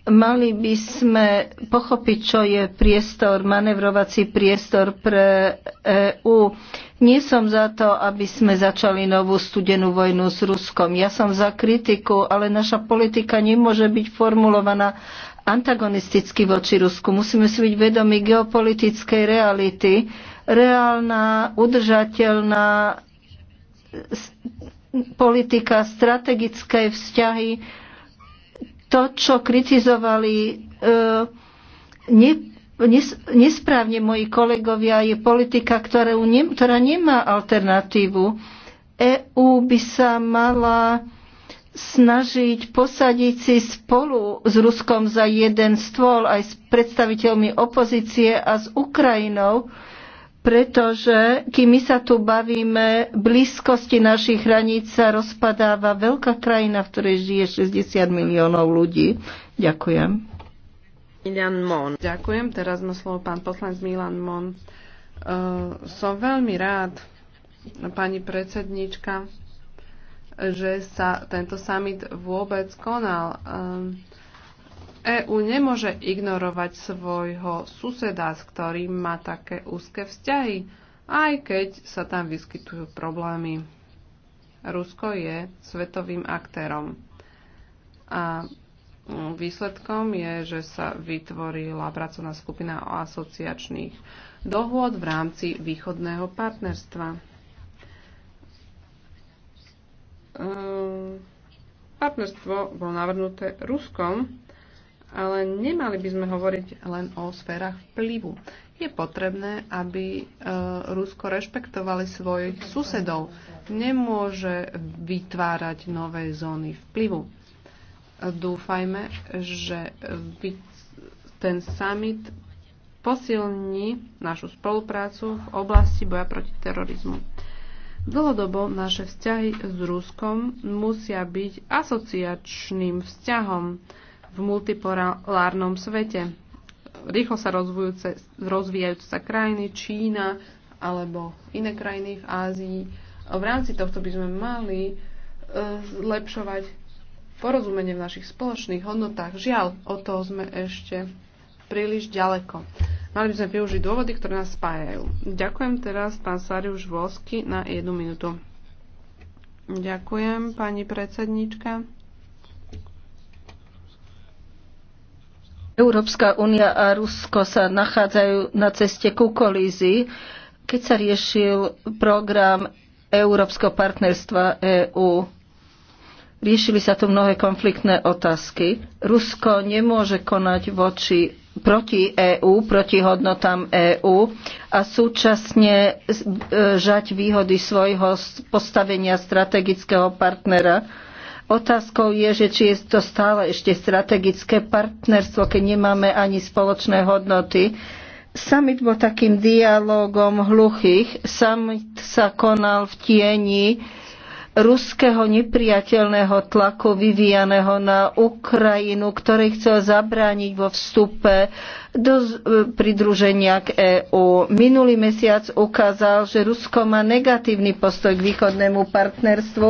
Mali by sme pochopiť, čo je priestor, manevrovací priestor pre EÚ. Nie som za to, aby sme začali novú studenú vojnu s Ruskom. Ja som za kritiku, ale naša politika nemôže byť formulovaná antagonisticky voči Rusku. Musíme si byť vedomi geopolitickej reality. Reálna, udržateľná politika, strategické vzťahy to, čo kritizovali e, ne, nes, nesprávne moji kolegovia, je politika, ktorá, ne, ktorá nemá alternatívu. EÚ by sa mala snažiť posadiť si spolu s Ruskom za jeden stôl aj s predstaviteľmi opozície a s Ukrajinou, pretože kým my sa tu bavíme, blízkosti našich hraníc sa rozpadáva veľká krajina, v ktorej žije 60 miliónov ľudí. Ďakujem. Milan Mon. Ďakujem, teraz má slovo pán poslanec Milan Mon. Uh, som veľmi rád, pani predsednička, že sa tento summit vôbec konal. Uh, EÚ nemôže ignorovať svojho suseda, s ktorým má také úzke vzťahy, aj keď sa tam vyskytujú problémy. Rusko je svetovým aktérom. A výsledkom je, že sa vytvorila pracovná skupina o asociačných dohôd v rámci východného partnerstva. Ehm, partnerstvo bolo navrhnuté Ruskom ale nemali by sme hovoriť len o sférach vplyvu. Je potrebné, aby e, Rusko rešpektovali svojich susedov. Nemôže vytvárať nové zóny vplyvu. Dúfajme, že ten summit posilní našu spoluprácu v oblasti boja proti terorizmu. Dlhodobo naše vzťahy s Ruskom musia byť asociačným vzťahom v multipolárnom svete. Rýchlo sa rozvíjajúce, rozvíjajúce sa krajiny, Čína alebo iné krajiny v Ázii. V rámci tohto by sme mali e, zlepšovať porozumenie v našich spoločných hodnotách. Žiaľ, o toho sme ešte príliš ďaleko. Mali by sme využiť dôvody, ktoré nás spájajú. Ďakujem teraz pán Sariuš Vosky na jednu minútu. Ďakujem, pani predsednička. Európska únia a Rusko sa nachádzajú na ceste ku kolízii, keď sa riešil program Európskeho partnerstva EÚ. Riešili sa tu mnohé konfliktné otázky. Rusko nemôže konať voči proti EÚ, proti hodnotám EÚ a súčasne e, žať výhody svojho postavenia strategického partnera Otázkou je, že či je to stále ešte strategické partnerstvo, keď nemáme ani spoločné hodnoty. Summit bol takým dialogom hluchých. Summit sa konal v tieni ruského nepriateľného tlaku vyvíjaného na Ukrajinu, ktorý chcel zabrániť vo vstupe do pridruženia k EÚ. Minulý mesiac ukázal, že Rusko má negatívny postoj k východnému partnerstvu,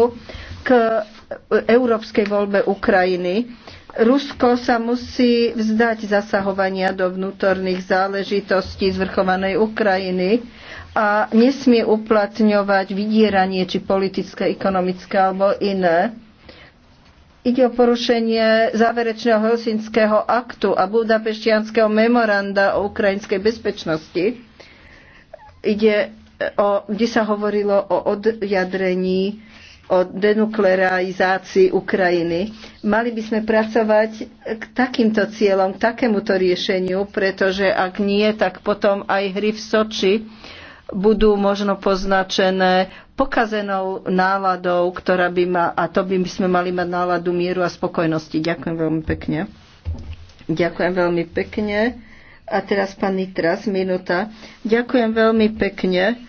k európskej voľbe Ukrajiny. Rusko sa musí vzdať zasahovania do vnútorných záležitostí zvrchovanej Ukrajiny a nesmie uplatňovať vydieranie či politické, ekonomické alebo iné. Ide o porušenie záverečného Helsinského aktu a budapeštianského memoranda o ukrajinskej bezpečnosti, ide o, kde sa hovorilo o odjadrení o denuklearizácii Ukrajiny. Mali by sme pracovať k takýmto cieľom, k takémuto riešeniu, pretože ak nie, tak potom aj hry v Soči budú možno poznačené pokazenou náladou, ktorá by ma, a to by sme mali mať náladu mieru a spokojnosti. Ďakujem veľmi pekne. Ďakujem veľmi pekne. A teraz pán Nitras, minúta. Ďakujem veľmi pekne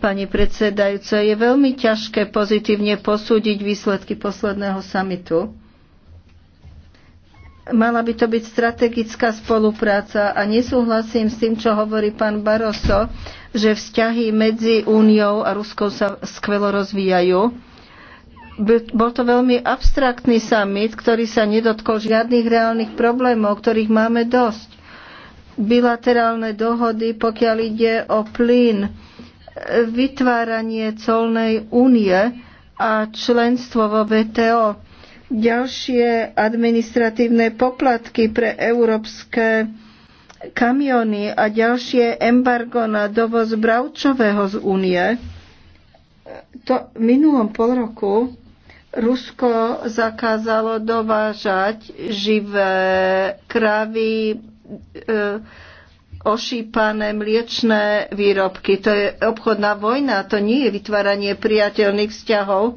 pani predsedajúca. Je veľmi ťažké pozitívne posúdiť výsledky posledného samitu. Mala by to byť strategická spolupráca a nesúhlasím s tým, čo hovorí pán Barroso, že vzťahy medzi Úniou a Ruskou sa skvelo rozvíjajú. Bol to veľmi abstraktný summit, ktorý sa nedotkol žiadnych reálnych problémov, ktorých máme dosť. Bilaterálne dohody, pokiaľ ide o plyn, vytváranie colnej únie a členstvo vo VTO, ďalšie administratívne poplatky pre európske kamiony a ďalšie embargo na dovoz bravčového z únie. To v minulom pol roku Rusko zakázalo dovážať živé kravy, e, ošípané mliečné výrobky. To je obchodná vojna, to nie je vytváranie priateľných vzťahov.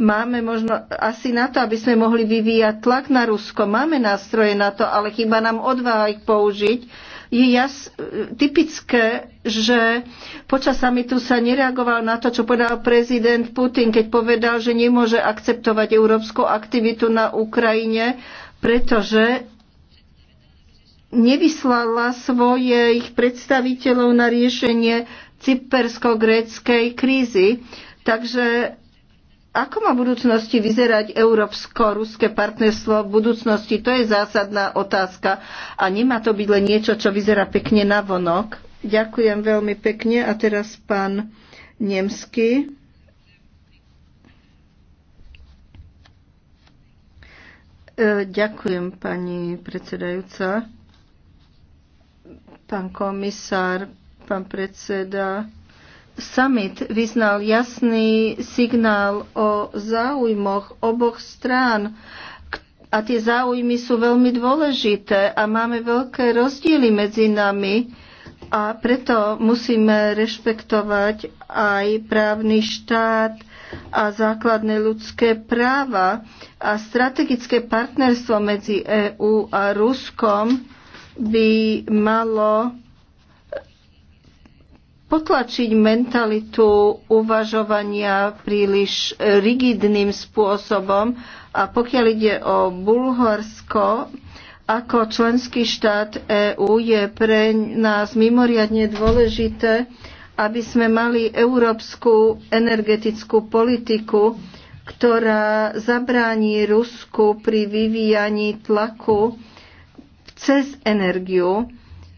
Máme možno asi na to, aby sme mohli vyvíjať tlak na Rusko. Máme nástroje na to, ale chyba nám odvaha ich použiť. Je jas, typické, že počas samitu sa nereagoval na to, čo povedal prezident Putin, keď povedal, že nemôže akceptovať európsku aktivitu na Ukrajine, pretože nevyslala svojich predstaviteľov na riešenie cypersko-gréckej krízy. Takže ako má v budúcnosti vyzerať európsko-ruské partnerstvo v budúcnosti? To je zásadná otázka a nemá to byť len niečo, čo vyzerá pekne na vonok. Ďakujem veľmi pekne a teraz pán Nemský. E, ďakujem, pani predsedajúca pán komisár, pán predseda. Summit vyznal jasný signál o záujmoch oboch strán a tie záujmy sú veľmi dôležité a máme veľké rozdiely medzi nami a preto musíme rešpektovať aj právny štát a základné ľudské práva a strategické partnerstvo medzi EÚ a Ruskom by malo potlačiť mentalitu uvažovania príliš rigidným spôsobom. A pokiaľ ide o Bulharsko, ako členský štát EÚ je pre nás mimoriadne dôležité, aby sme mali európsku energetickú politiku, ktorá zabráni Rusku pri vyvíjaní tlaku cez energiu.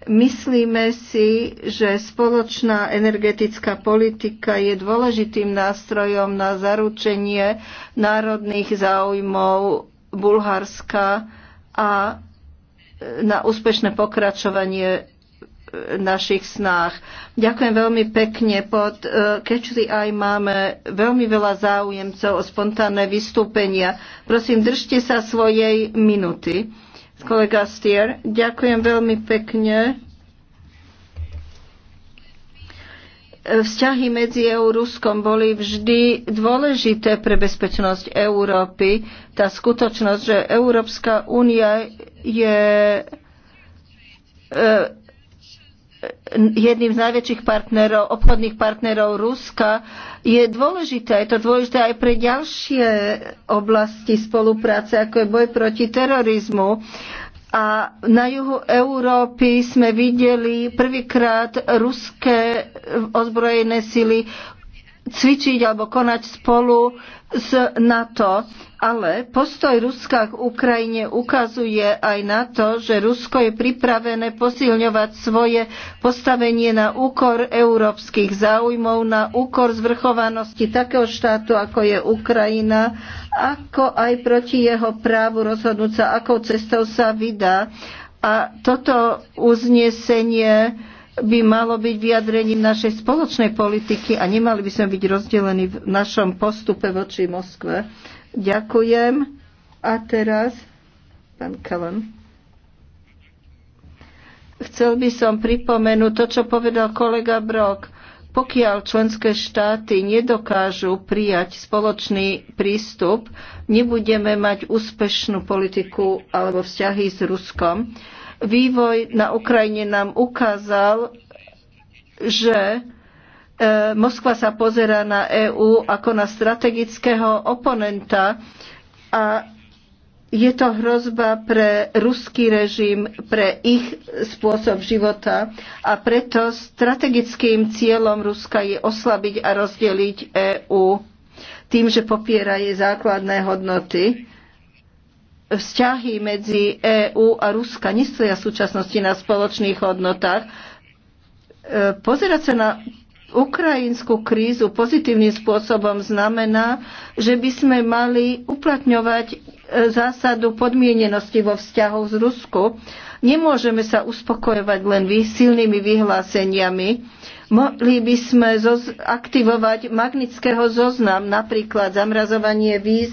Myslíme si, že spoločná energetická politika je dôležitým nástrojom na zaručenie národných záujmov Bulharska a e, na úspešné pokračovanie e, našich snách. Ďakujem veľmi pekne. Pod e, Catch aj máme veľmi veľa záujemcov o spontánne vystúpenia. Prosím, držte sa svojej minuty kolega Stier. Ďakujem veľmi pekne. Vzťahy medzi EU a Ruskom boli vždy dôležité pre bezpečnosť Európy. Tá skutočnosť, že Európska únia je e, jedným z najväčších partnerov, obchodných partnerov Ruska, je dôležité. Je to dôležité aj pre ďalšie oblasti spolupráce, ako je boj proti terorizmu. A na juhu Európy sme videli prvýkrát ruské ozbrojené sily cvičiť alebo konať spolu s NATO. Ale postoj Ruska k Ukrajine ukazuje aj na to, že Rusko je pripravené posilňovať svoje postavenie na úkor európskych záujmov, na úkor zvrchovanosti takého štátu, ako je Ukrajina, ako aj proti jeho právu rozhodnúť sa, akou cestou sa vydá. A toto uznesenie by malo byť vyjadrením našej spoločnej politiky a nemali by sme byť rozdelení v našom postupe voči Moskve. Ďakujem. A teraz pán Kalan. Chcel by som pripomenúť to, čo povedal kolega Brok. Pokiaľ členské štáty nedokážu prijať spoločný prístup, nebudeme mať úspešnú politiku alebo vzťahy s Ruskom. Vývoj na Ukrajine nám ukázal, že e, Moskva sa pozerá na EÚ ako na strategického oponenta a je to hrozba pre ruský režim, pre ich spôsob života a preto strategickým cieľom Ruska je oslabiť a rozdeliť EÚ tým, že popiera jej základné hodnoty vzťahy medzi EÚ a Ruska nestoja v súčasnosti na spoločných hodnotách. E, pozerať sa na ukrajinskú krízu pozitívnym spôsobom znamená, že by sme mali uplatňovať e, zásadu podmienenosti vo vzťahoch z Rusku. Nemôžeme sa uspokojovať len silnými vyhláseniami. Mohli by sme aktivovať magnického zoznam, napríklad zamrazovanie víz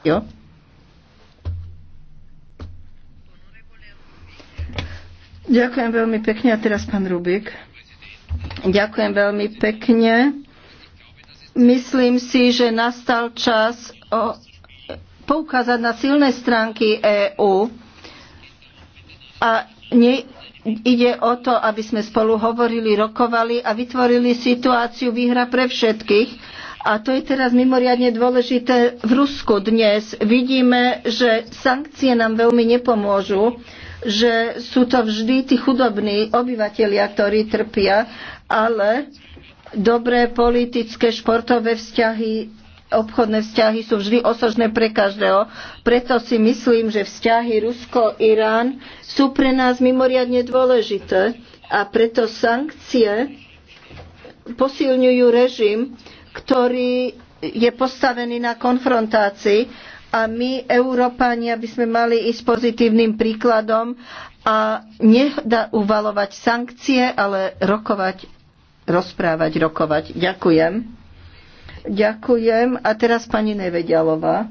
Jo? Ďakujem veľmi pekne. A teraz pán Rubik. Ďakujem veľmi pekne. Myslím si, že nastal čas o, poukázať na silné stránky EÚ a ne, ide o to, aby sme spolu hovorili, rokovali a vytvorili situáciu výhra pre všetkých a to je teraz mimoriadne dôležité v Rusku dnes. Vidíme, že sankcie nám veľmi nepomôžu, že sú to vždy tí chudobní obyvatelia, ktorí trpia, ale dobré politické, športové vzťahy obchodné vzťahy sú vždy osožné pre každého. Preto si myslím, že vzťahy Rusko-Irán sú pre nás mimoriadne dôležité a preto sankcie posilňujú režim, ktorý je postavený na konfrontácii a my, Európania, by sme mali ísť pozitívnym príkladom a nedá uvalovať sankcie, ale rokovať, rozprávať, rokovať. Ďakujem. Ďakujem. A teraz pani Nevedialová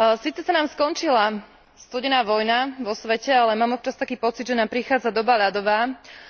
E, síce sa nám skončila studená vojna vo svete ale mám občas taký pocit že nám prichádza doba ľadová a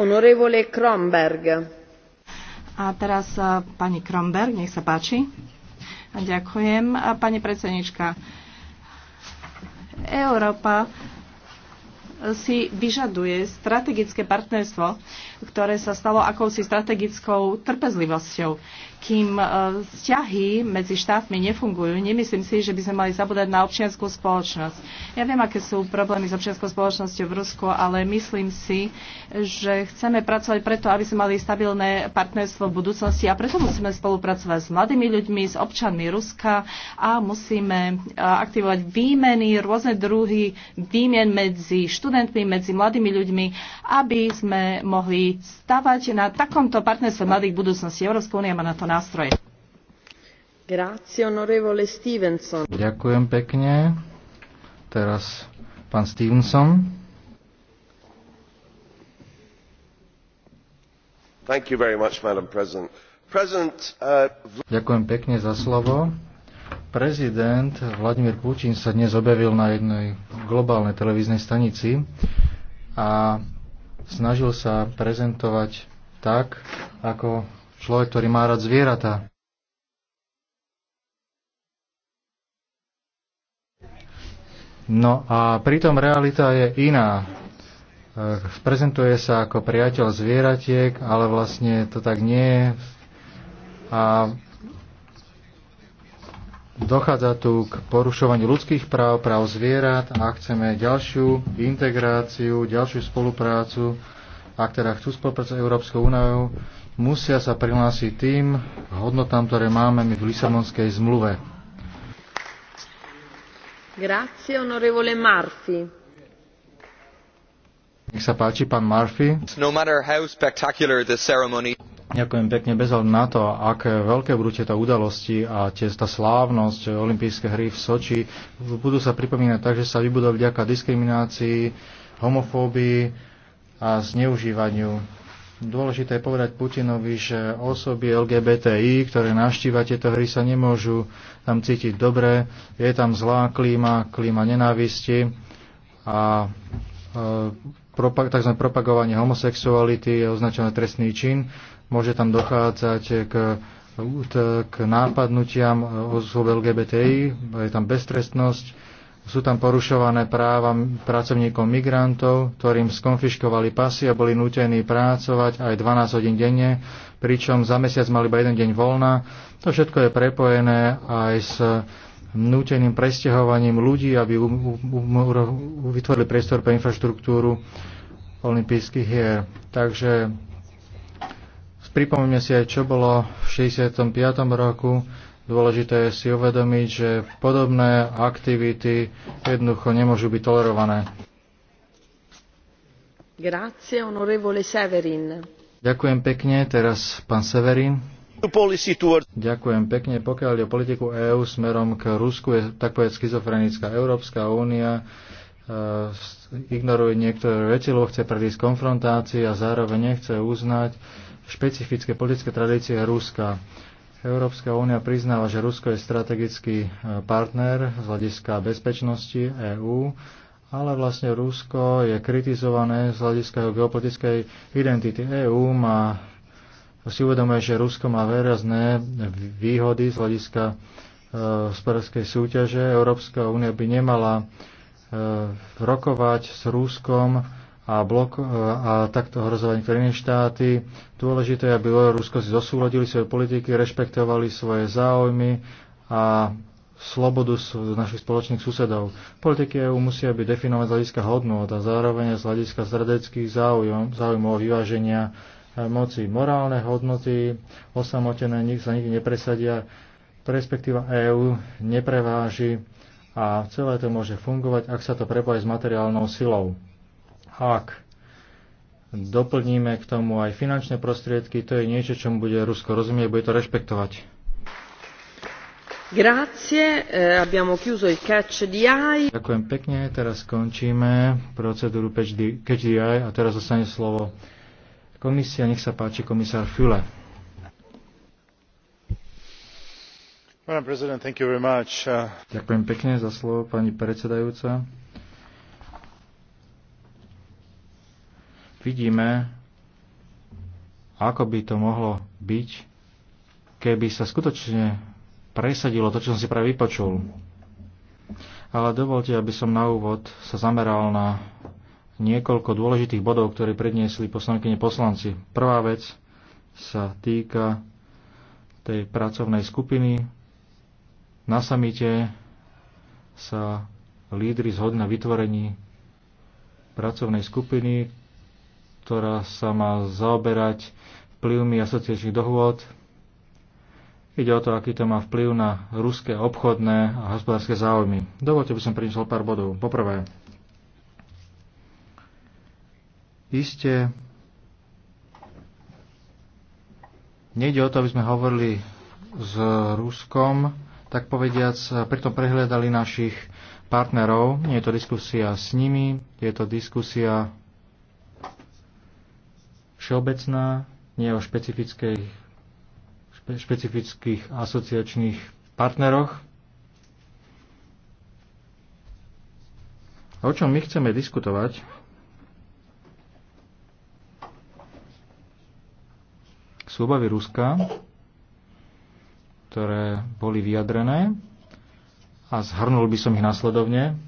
A teraz e, pani Kromberg, nech sa páči. Ďakujem. A pani predsednička, Európa si vyžaduje strategické partnerstvo, ktoré sa stalo akousi strategickou trpezlivosťou kým e, vzťahy medzi štátmi nefungujú, nemyslím si, že by sme mali zabúdať na občianskú spoločnosť. Ja viem, aké sú problémy s občianskou spoločnosťou v Rusku, ale myslím si, že chceme pracovať preto, aby sme mali stabilné partnerstvo v budúcnosti a preto musíme spolupracovať s mladými ľuďmi, s občanmi Ruska a musíme e, aktivovať výmeny, rôzne druhy výmen medzi študentmi, medzi mladými ľuďmi, aby sme mohli stavať na takomto partnerstve mladých budúcnosti. Európska únia má na to nástroje. Grazie, onorevole Stevenson. Ďakujem pekne. Teraz pán Stevenson. Thank you very much, Madam President. President, uh... Ďakujem pekne za slovo. Prezident Vladimír Putin sa dnes objavil na jednej globálnej televíznej stanici a snažil sa prezentovať tak, ako človek, ktorý má rád zvieratá. No a pritom realita je iná. E, prezentuje sa ako priateľ zvieratiek, ale vlastne to tak nie je. A dochádza tu k porušovaniu ľudských práv, práv zvierat a chceme ďalšiu integráciu, ďalšiu spoluprácu, ak teda chcú spolupracovať s Európskou úniou, musia sa prihlásiť tým hodnotám, ktoré máme my v Lisabonskej zmluve. Grazie, onorevole Murphy. Nech sa páči, pán Murphy. No matter how spectacular the ceremony. Ďakujem pekne, bez ohľadu na to, aké veľké budú tieto udalosti a tie, tá slávnosť olympijské hry v Soči, budú sa pripomínať tak, že sa vybudol vďaka diskriminácii, homofóbii a zneužívaniu Dôležité je povedať Putinovi, že osoby LGBTI, ktoré navštíva tieto hry, sa nemôžu tam cítiť dobre. Je tam zlá klíma, klíma nenávisti a e, tzv. propagovanie homosexuality je označené trestný čin. Môže tam dochádzať k k nápadnutiam osôb LGBTI, je tam beztrestnosť, sú tam porušované práva pracovníkov migrantov, ktorým skonfiškovali pasy a boli nútení pracovať aj 12 hodín denne, pričom za mesiac mali iba jeden deň voľna. To všetko je prepojené aj s núteným presťahovaním ľudí, aby um, um, um, vytvorili priestor pre infraštruktúru olympijských hier. Takže pripomíme si aj, čo bolo v 65. roku Dôležité je si uvedomiť, že podobné aktivity jednoducho nemôžu byť tolerované. Grazie, onorevole Severin. Ďakujem pekne, teraz pán Severin. Ďakujem pekne. Pokiaľ je o politiku EÚ smerom k Rusku, je tak povedať schizofrenická. Európska únia e, ignoruje niektoré veci, lebo chce predísť konfrontácii a zároveň nechce uznať špecifické politické tradície Ruska Európska únia priznáva, že Rusko je strategický e, partner z hľadiska bezpečnosti EÚ, ale vlastne Rusko je kritizované z hľadiska geopolitickej identity. EÚ má, si uvedomuje, že Rusko má výrazné výhody z hľadiska e, e, súťaže. Európska únia by nemala e, rokovať s Ruskom a, blok, e, a takto hrozovanie krajiny štáty. Dôležité je, aby Rusko si zosúrodili svoje politiky, rešpektovali svoje záujmy a slobodu z našich spoločných susedov. Politiky EU musia byť definované z hľadiska hodnot a zároveň z hľadiska zradeckých záujmov, záujmov vyváženia e, moci. Morálne hodnoty osamotené nik sa nikdy nepresadia, perspektíva EÚ nepreváži a celé to môže fungovať, ak sa to prepoje s materiálnou silou. Ak doplníme k tomu aj finančné prostriedky, to je niečo, čo bude Rusko rozumieť, bude to rešpektovať. Grazie, eh, abbiamo chiuso il catch di AI. Ďakujem pekne, teraz skončíme procedúru catch di AI a teraz zostane slovo komisia, nech sa páči komisár Füle. Ďakujem pekne za slovo, pani predsedajúca. vidíme, ako by to mohlo byť, keby sa skutočne presadilo to, čo som si práve vypočul. Ale dovolte, aby som na úvod sa zameral na niekoľko dôležitých bodov, ktoré predniesli poslankyne poslanci. Prvá vec sa týka tej pracovnej skupiny. Na samite sa lídry zhodli na vytvorení pracovnej skupiny, ktorá sa má zaoberať vplyvmi asociačných dohôd. Ide o to, aký to má vplyv na ruské obchodné a hospodárske záujmy. Dovolte by som priniesol pár bodov. Poprvé, iste nejde o to, aby sme hovorili s Ruskom, tak povediac, pritom prehľadali našich partnerov. Nie je to diskusia s nimi, je to diskusia všeobecná, nie o špecifických, špe, špecifických asociačných partneroch. A o čom my chceme diskutovať, sú obavy Ruska, ktoré boli vyjadrené a zhrnul by som ich následovne.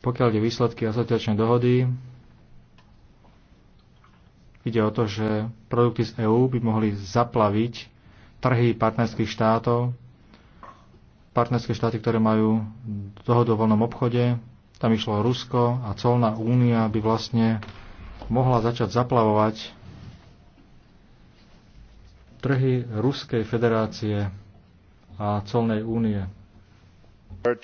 Pokiaľ je výsledky asociačnej dohody, Ide o to, že produkty z EÚ by mohli zaplaviť trhy partnerských štátov, partnerské štáty, ktoré majú dohodu o voľnom obchode, tam išlo Rusko a colná únia by vlastne mohla začať zaplavovať trhy Ruskej federácie a colnej únie. Uh,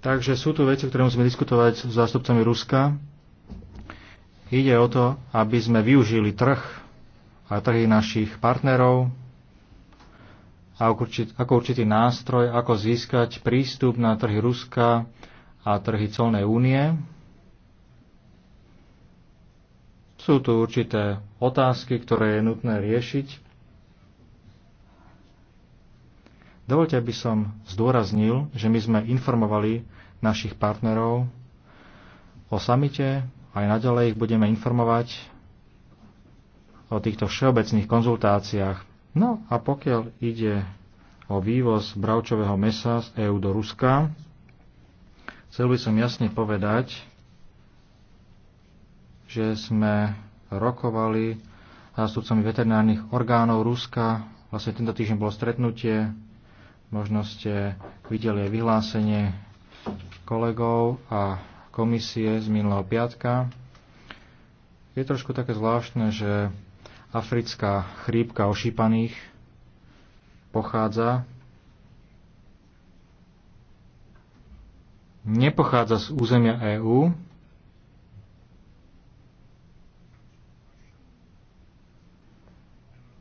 Takže sú tu veci, ktoré musíme diskutovať s zástupcami Ruska Ide o to, aby sme využili trh a trhy našich partnerov ako určitý nástroj, ako získať prístup na trhy Ruska a trhy colnej únie. Sú tu určité otázky, ktoré je nutné riešiť. Dovolte, aby som zdôraznil, že my sme informovali našich partnerov o samite aj naďalej ich budeme informovať o týchto všeobecných konzultáciách. No a pokiaľ ide o vývoz bravčového mesa z EÚ do Ruska, chcel by som jasne povedať, že sme rokovali zástupcami veterinárnych orgánov Ruska. Vlastne tento týždeň bolo stretnutie, možno ste videli aj vyhlásenie kolegov a komisie z minulého piatka. Je trošku také zvláštne, že africká chrípka ošípaných pochádza nepochádza z územia EÚ,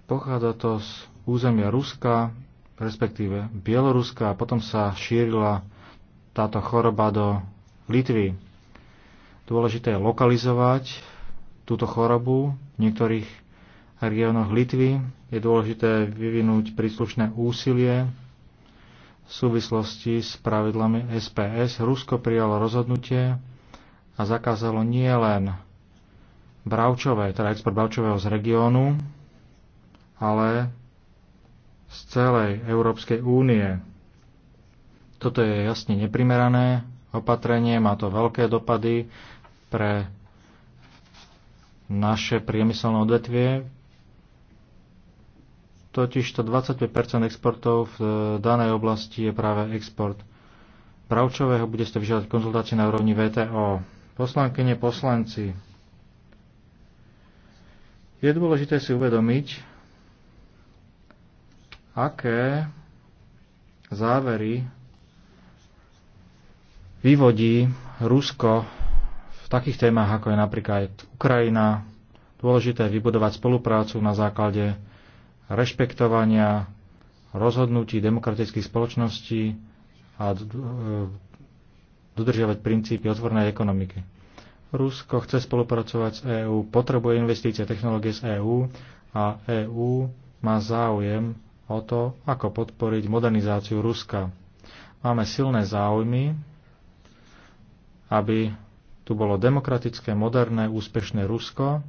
pochádza to z územia Ruska, respektíve Bieloruska a potom sa šírila táto choroba do Litvy. Dôležité je lokalizovať túto chorobu v niektorých regiónoch Litvy. Je dôležité vyvinúť príslušné úsilie v súvislosti s pravidlami SPS. Rusko prijalo rozhodnutie a zakázalo nielen bravčové, teda export bravčového z regiónu, ale z celej Európskej únie. Toto je jasne neprimerané opatrenie, má to veľké dopady pre naše priemyselné odvetvie. Totiž to 25 exportov v danej oblasti je práve export pravčového. Bude ste vyžiadať konzultácie na úrovni VTO. Poslankyne, poslanci. Je dôležité si uvedomiť, aké závery vyvodí Rusko v takých témach, ako je napríklad Ukrajina, dôležité vybudovať spoluprácu na základe rešpektovania rozhodnutí demokratických spoločností a e, dodržiavať princípy otvorenej ekonomiky. Rusko chce spolupracovať s EÚ, potrebuje investície technológie z EÚ a EÚ má záujem o to, ako podporiť modernizáciu Ruska. Máme silné záujmy, aby tu bolo demokratické, moderné, úspešné Rusko.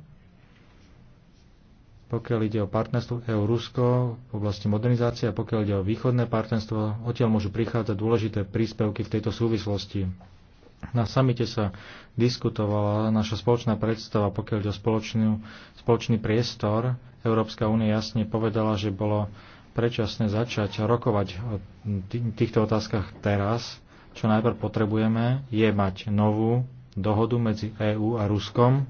Pokiaľ ide o partnerstvo EU-Rusko v oblasti modernizácie a pokiaľ ide o východné partnerstvo, odtiaľ môžu prichádzať dôležité príspevky v tejto súvislosti. Na samite sa diskutovala naša spoločná predstava, pokiaľ ide o spoločnú, spoločný priestor. Európska únia jasne povedala, že bolo predčasné začať rokovať o týchto otázkach teraz. Čo najprv potrebujeme, je mať novú dohodu medzi EÚ a Ruskom.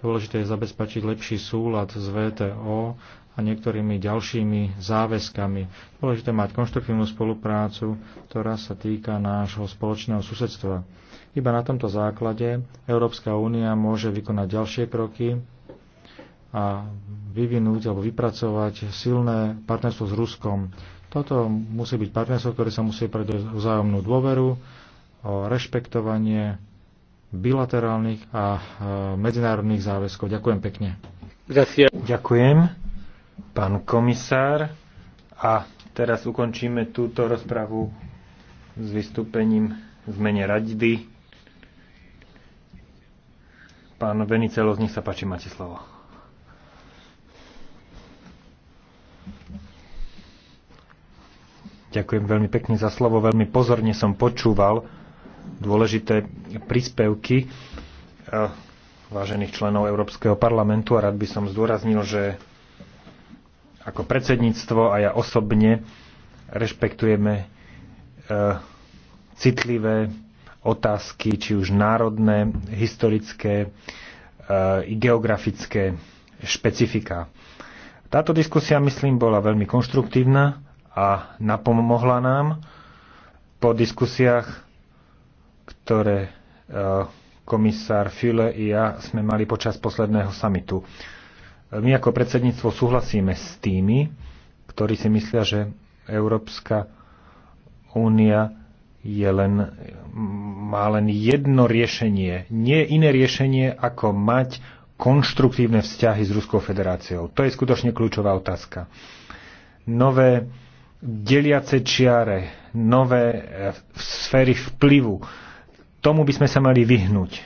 Dôležité je zabezpečiť lepší súlad s VTO a niektorými ďalšími záväzkami. Dôležité mať konštruktívnu spoluprácu, ktorá sa týka nášho spoločného susedstva. Iba na tomto základe Európska únia môže vykonať ďalšie kroky a vyvinúť alebo vypracovať silné partnerstvo s Ruskom. Toto musí byť partnerstvo, ktoré sa musí predať vzájomnú dôveru, o rešpektovanie bilaterálnych a e, medzinárodných záväzkov. Ďakujem pekne. Ďakujem, pán komisár. A teraz ukončíme túto rozpravu s vystúpením v mene Radidy. Pán Benicelo, nich sa páči, máte slovo. Ďakujem veľmi pekne za slovo, veľmi pozorne som počúval dôležité príspevky eh, vážených členov Európskeho parlamentu a rád by som zdôraznil, že ako predsedníctvo a ja osobne rešpektujeme eh, citlivé otázky, či už národné, historické eh, i geografické špecifika. Táto diskusia, myslím, bola veľmi konštruktívna a napomohla nám po diskusiách ktoré e, komisár Füle i ja sme mali počas posledného samitu. My ako predsedníctvo súhlasíme s tými, ktorí si myslia, že Európska únia je len, má len jedno riešenie, nie iné riešenie, ako mať konštruktívne vzťahy s Ruskou federáciou. To je skutočne kľúčová otázka. Nové deliace čiare, nové e, sféry vplyvu, Tomu by sme sa mali vyhnúť.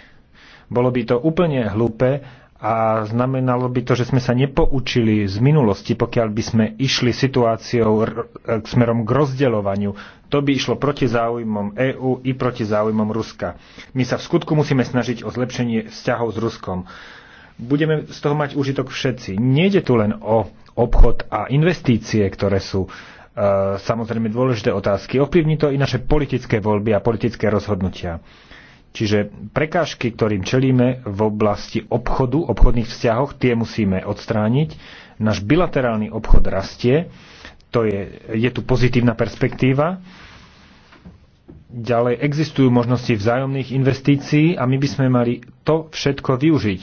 Bolo by to úplne hlúpe a znamenalo by to, že sme sa nepoučili z minulosti, pokiaľ by sme išli situáciou k e, smerom k rozdeľovaniu. To by išlo proti záujmom EÚ i proti záujmom Ruska. My sa v skutku musíme snažiť o zlepšenie vzťahov s Ruskom. Budeme z toho mať užitok všetci. Nejde tu len o obchod a investície, ktoré sú uh, Eh, samozrejme dôležité otázky. Ovplyvní to i naše politické voľby a politické rozhodnutia. Čiže prekážky, ktorým čelíme v oblasti obchodu, obchodných vzťahoch, tie musíme odstrániť. Náš bilaterálny obchod rastie, to je, je tu pozitívna perspektíva. Ďalej existujú možnosti vzájomných investícií a my by sme mali to všetko využiť.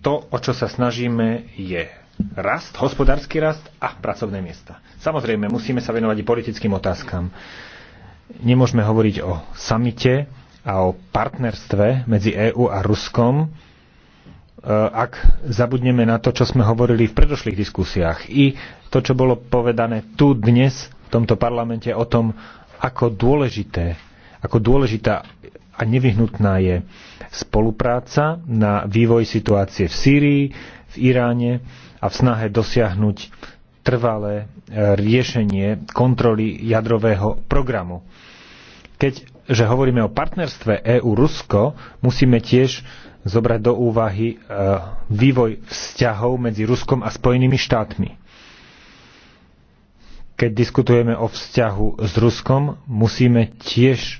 To, o čo sa snažíme, je rast, hospodársky rast a pracovné miesta. Samozrejme, musíme sa venovať i politickým otázkam. Nemôžeme hovoriť o samite a o partnerstve medzi EÚ a Ruskom, e, ak zabudneme na to, čo sme hovorili v predošlých diskusiách i to, čo bolo povedané tu dnes v tomto parlamente o tom, ako dôležité, ako dôležitá a nevyhnutná je spolupráca na vývoj situácie v Sýrii, v Iráne, a v snahe dosiahnuť trvalé e, riešenie kontroly jadrového programu. Keďže hovoríme o partnerstve EU-Rusko, musíme tiež zobrať do úvahy e, vývoj vzťahov medzi Ruskom a Spojenými štátmi keď diskutujeme o vzťahu s Ruskom, musíme tiež e,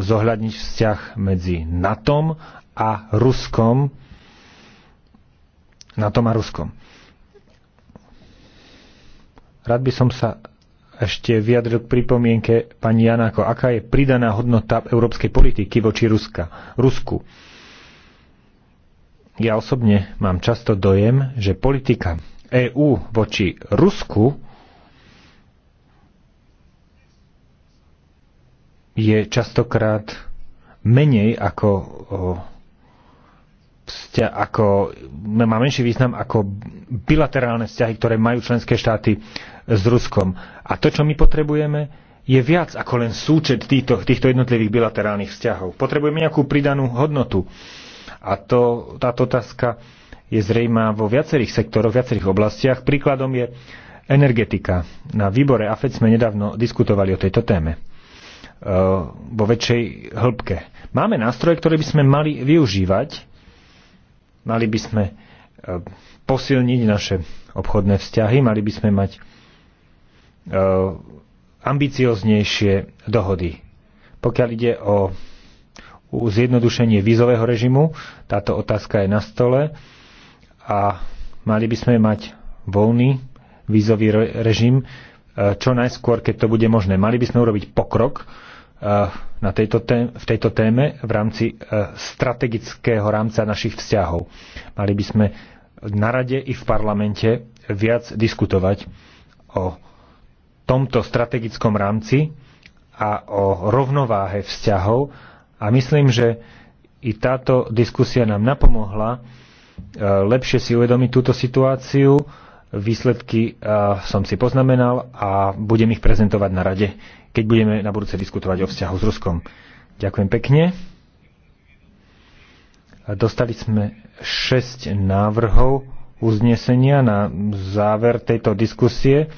zohľadniť vzťah medzi NATO a Ruskom tom a Ruskom. Rád by som sa ešte vyjadril k pripomienke pani Janáko, aká je pridaná hodnota európskej politiky voči Ruska, Rusku. Ja osobne mám často dojem, že politika EÚ voči Rusku je častokrát menej ako vzťa, ako, má menší význam ako bilaterálne vzťahy, ktoré majú členské štáty s Ruskom. A to, čo my potrebujeme, je viac ako len súčet týchto, týchto jednotlivých bilaterálnych vzťahov. Potrebujeme nejakú pridanú hodnotu. A to, táto otázka je zrejmá vo viacerých sektoroch, viacerých oblastiach. Príkladom je energetika. Na výbore AFED sme nedávno diskutovali o tejto téme e, vo väčšej hĺbke. Máme nástroje, ktoré by sme mali využívať Mali by sme eh, posilniť naše obchodné vzťahy, mali by sme mať eh, ambicioznejšie dohody. Pokiaľ ide o zjednodušenie vízového režimu, táto otázka je na stole a mali by sme mať voľný vízový režim eh, čo najskôr, keď to bude možné. Mali by sme urobiť pokrok, Eh, na tejto tém, v tejto téme v rámci eh, strategického rámca našich vzťahov. Mali by sme na rade i v parlamente viac diskutovať o tomto strategickom rámci a o rovnováhe vzťahov a myslím, že i táto diskusia nám napomohla eh, lepšie si uvedomiť túto situáciu, Výsledky eh, som si poznamenal a budem ich prezentovať na rade, keď budeme na budúce diskutovať o vzťahu s Ruskom. Ďakujem pekne. Dostali sme 6 návrhov uznesenia na záver tejto diskusie.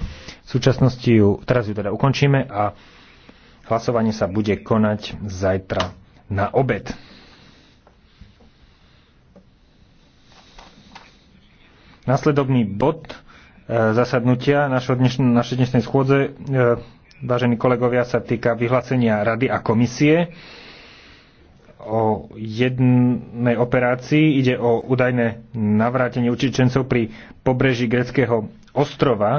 V súčasnosti ju, teraz ju teda ukončíme a hlasovanie sa bude konať zajtra na obed. Nasledovný bod E, zasadnutia našo dnešn- našej dnešnej schôdze, e, vážení kolegovia, sa týka vyhlásenia Rady a komisie o jednej operácii. Ide o údajné navrátenie učičencov pri pobreží greckého ostrova.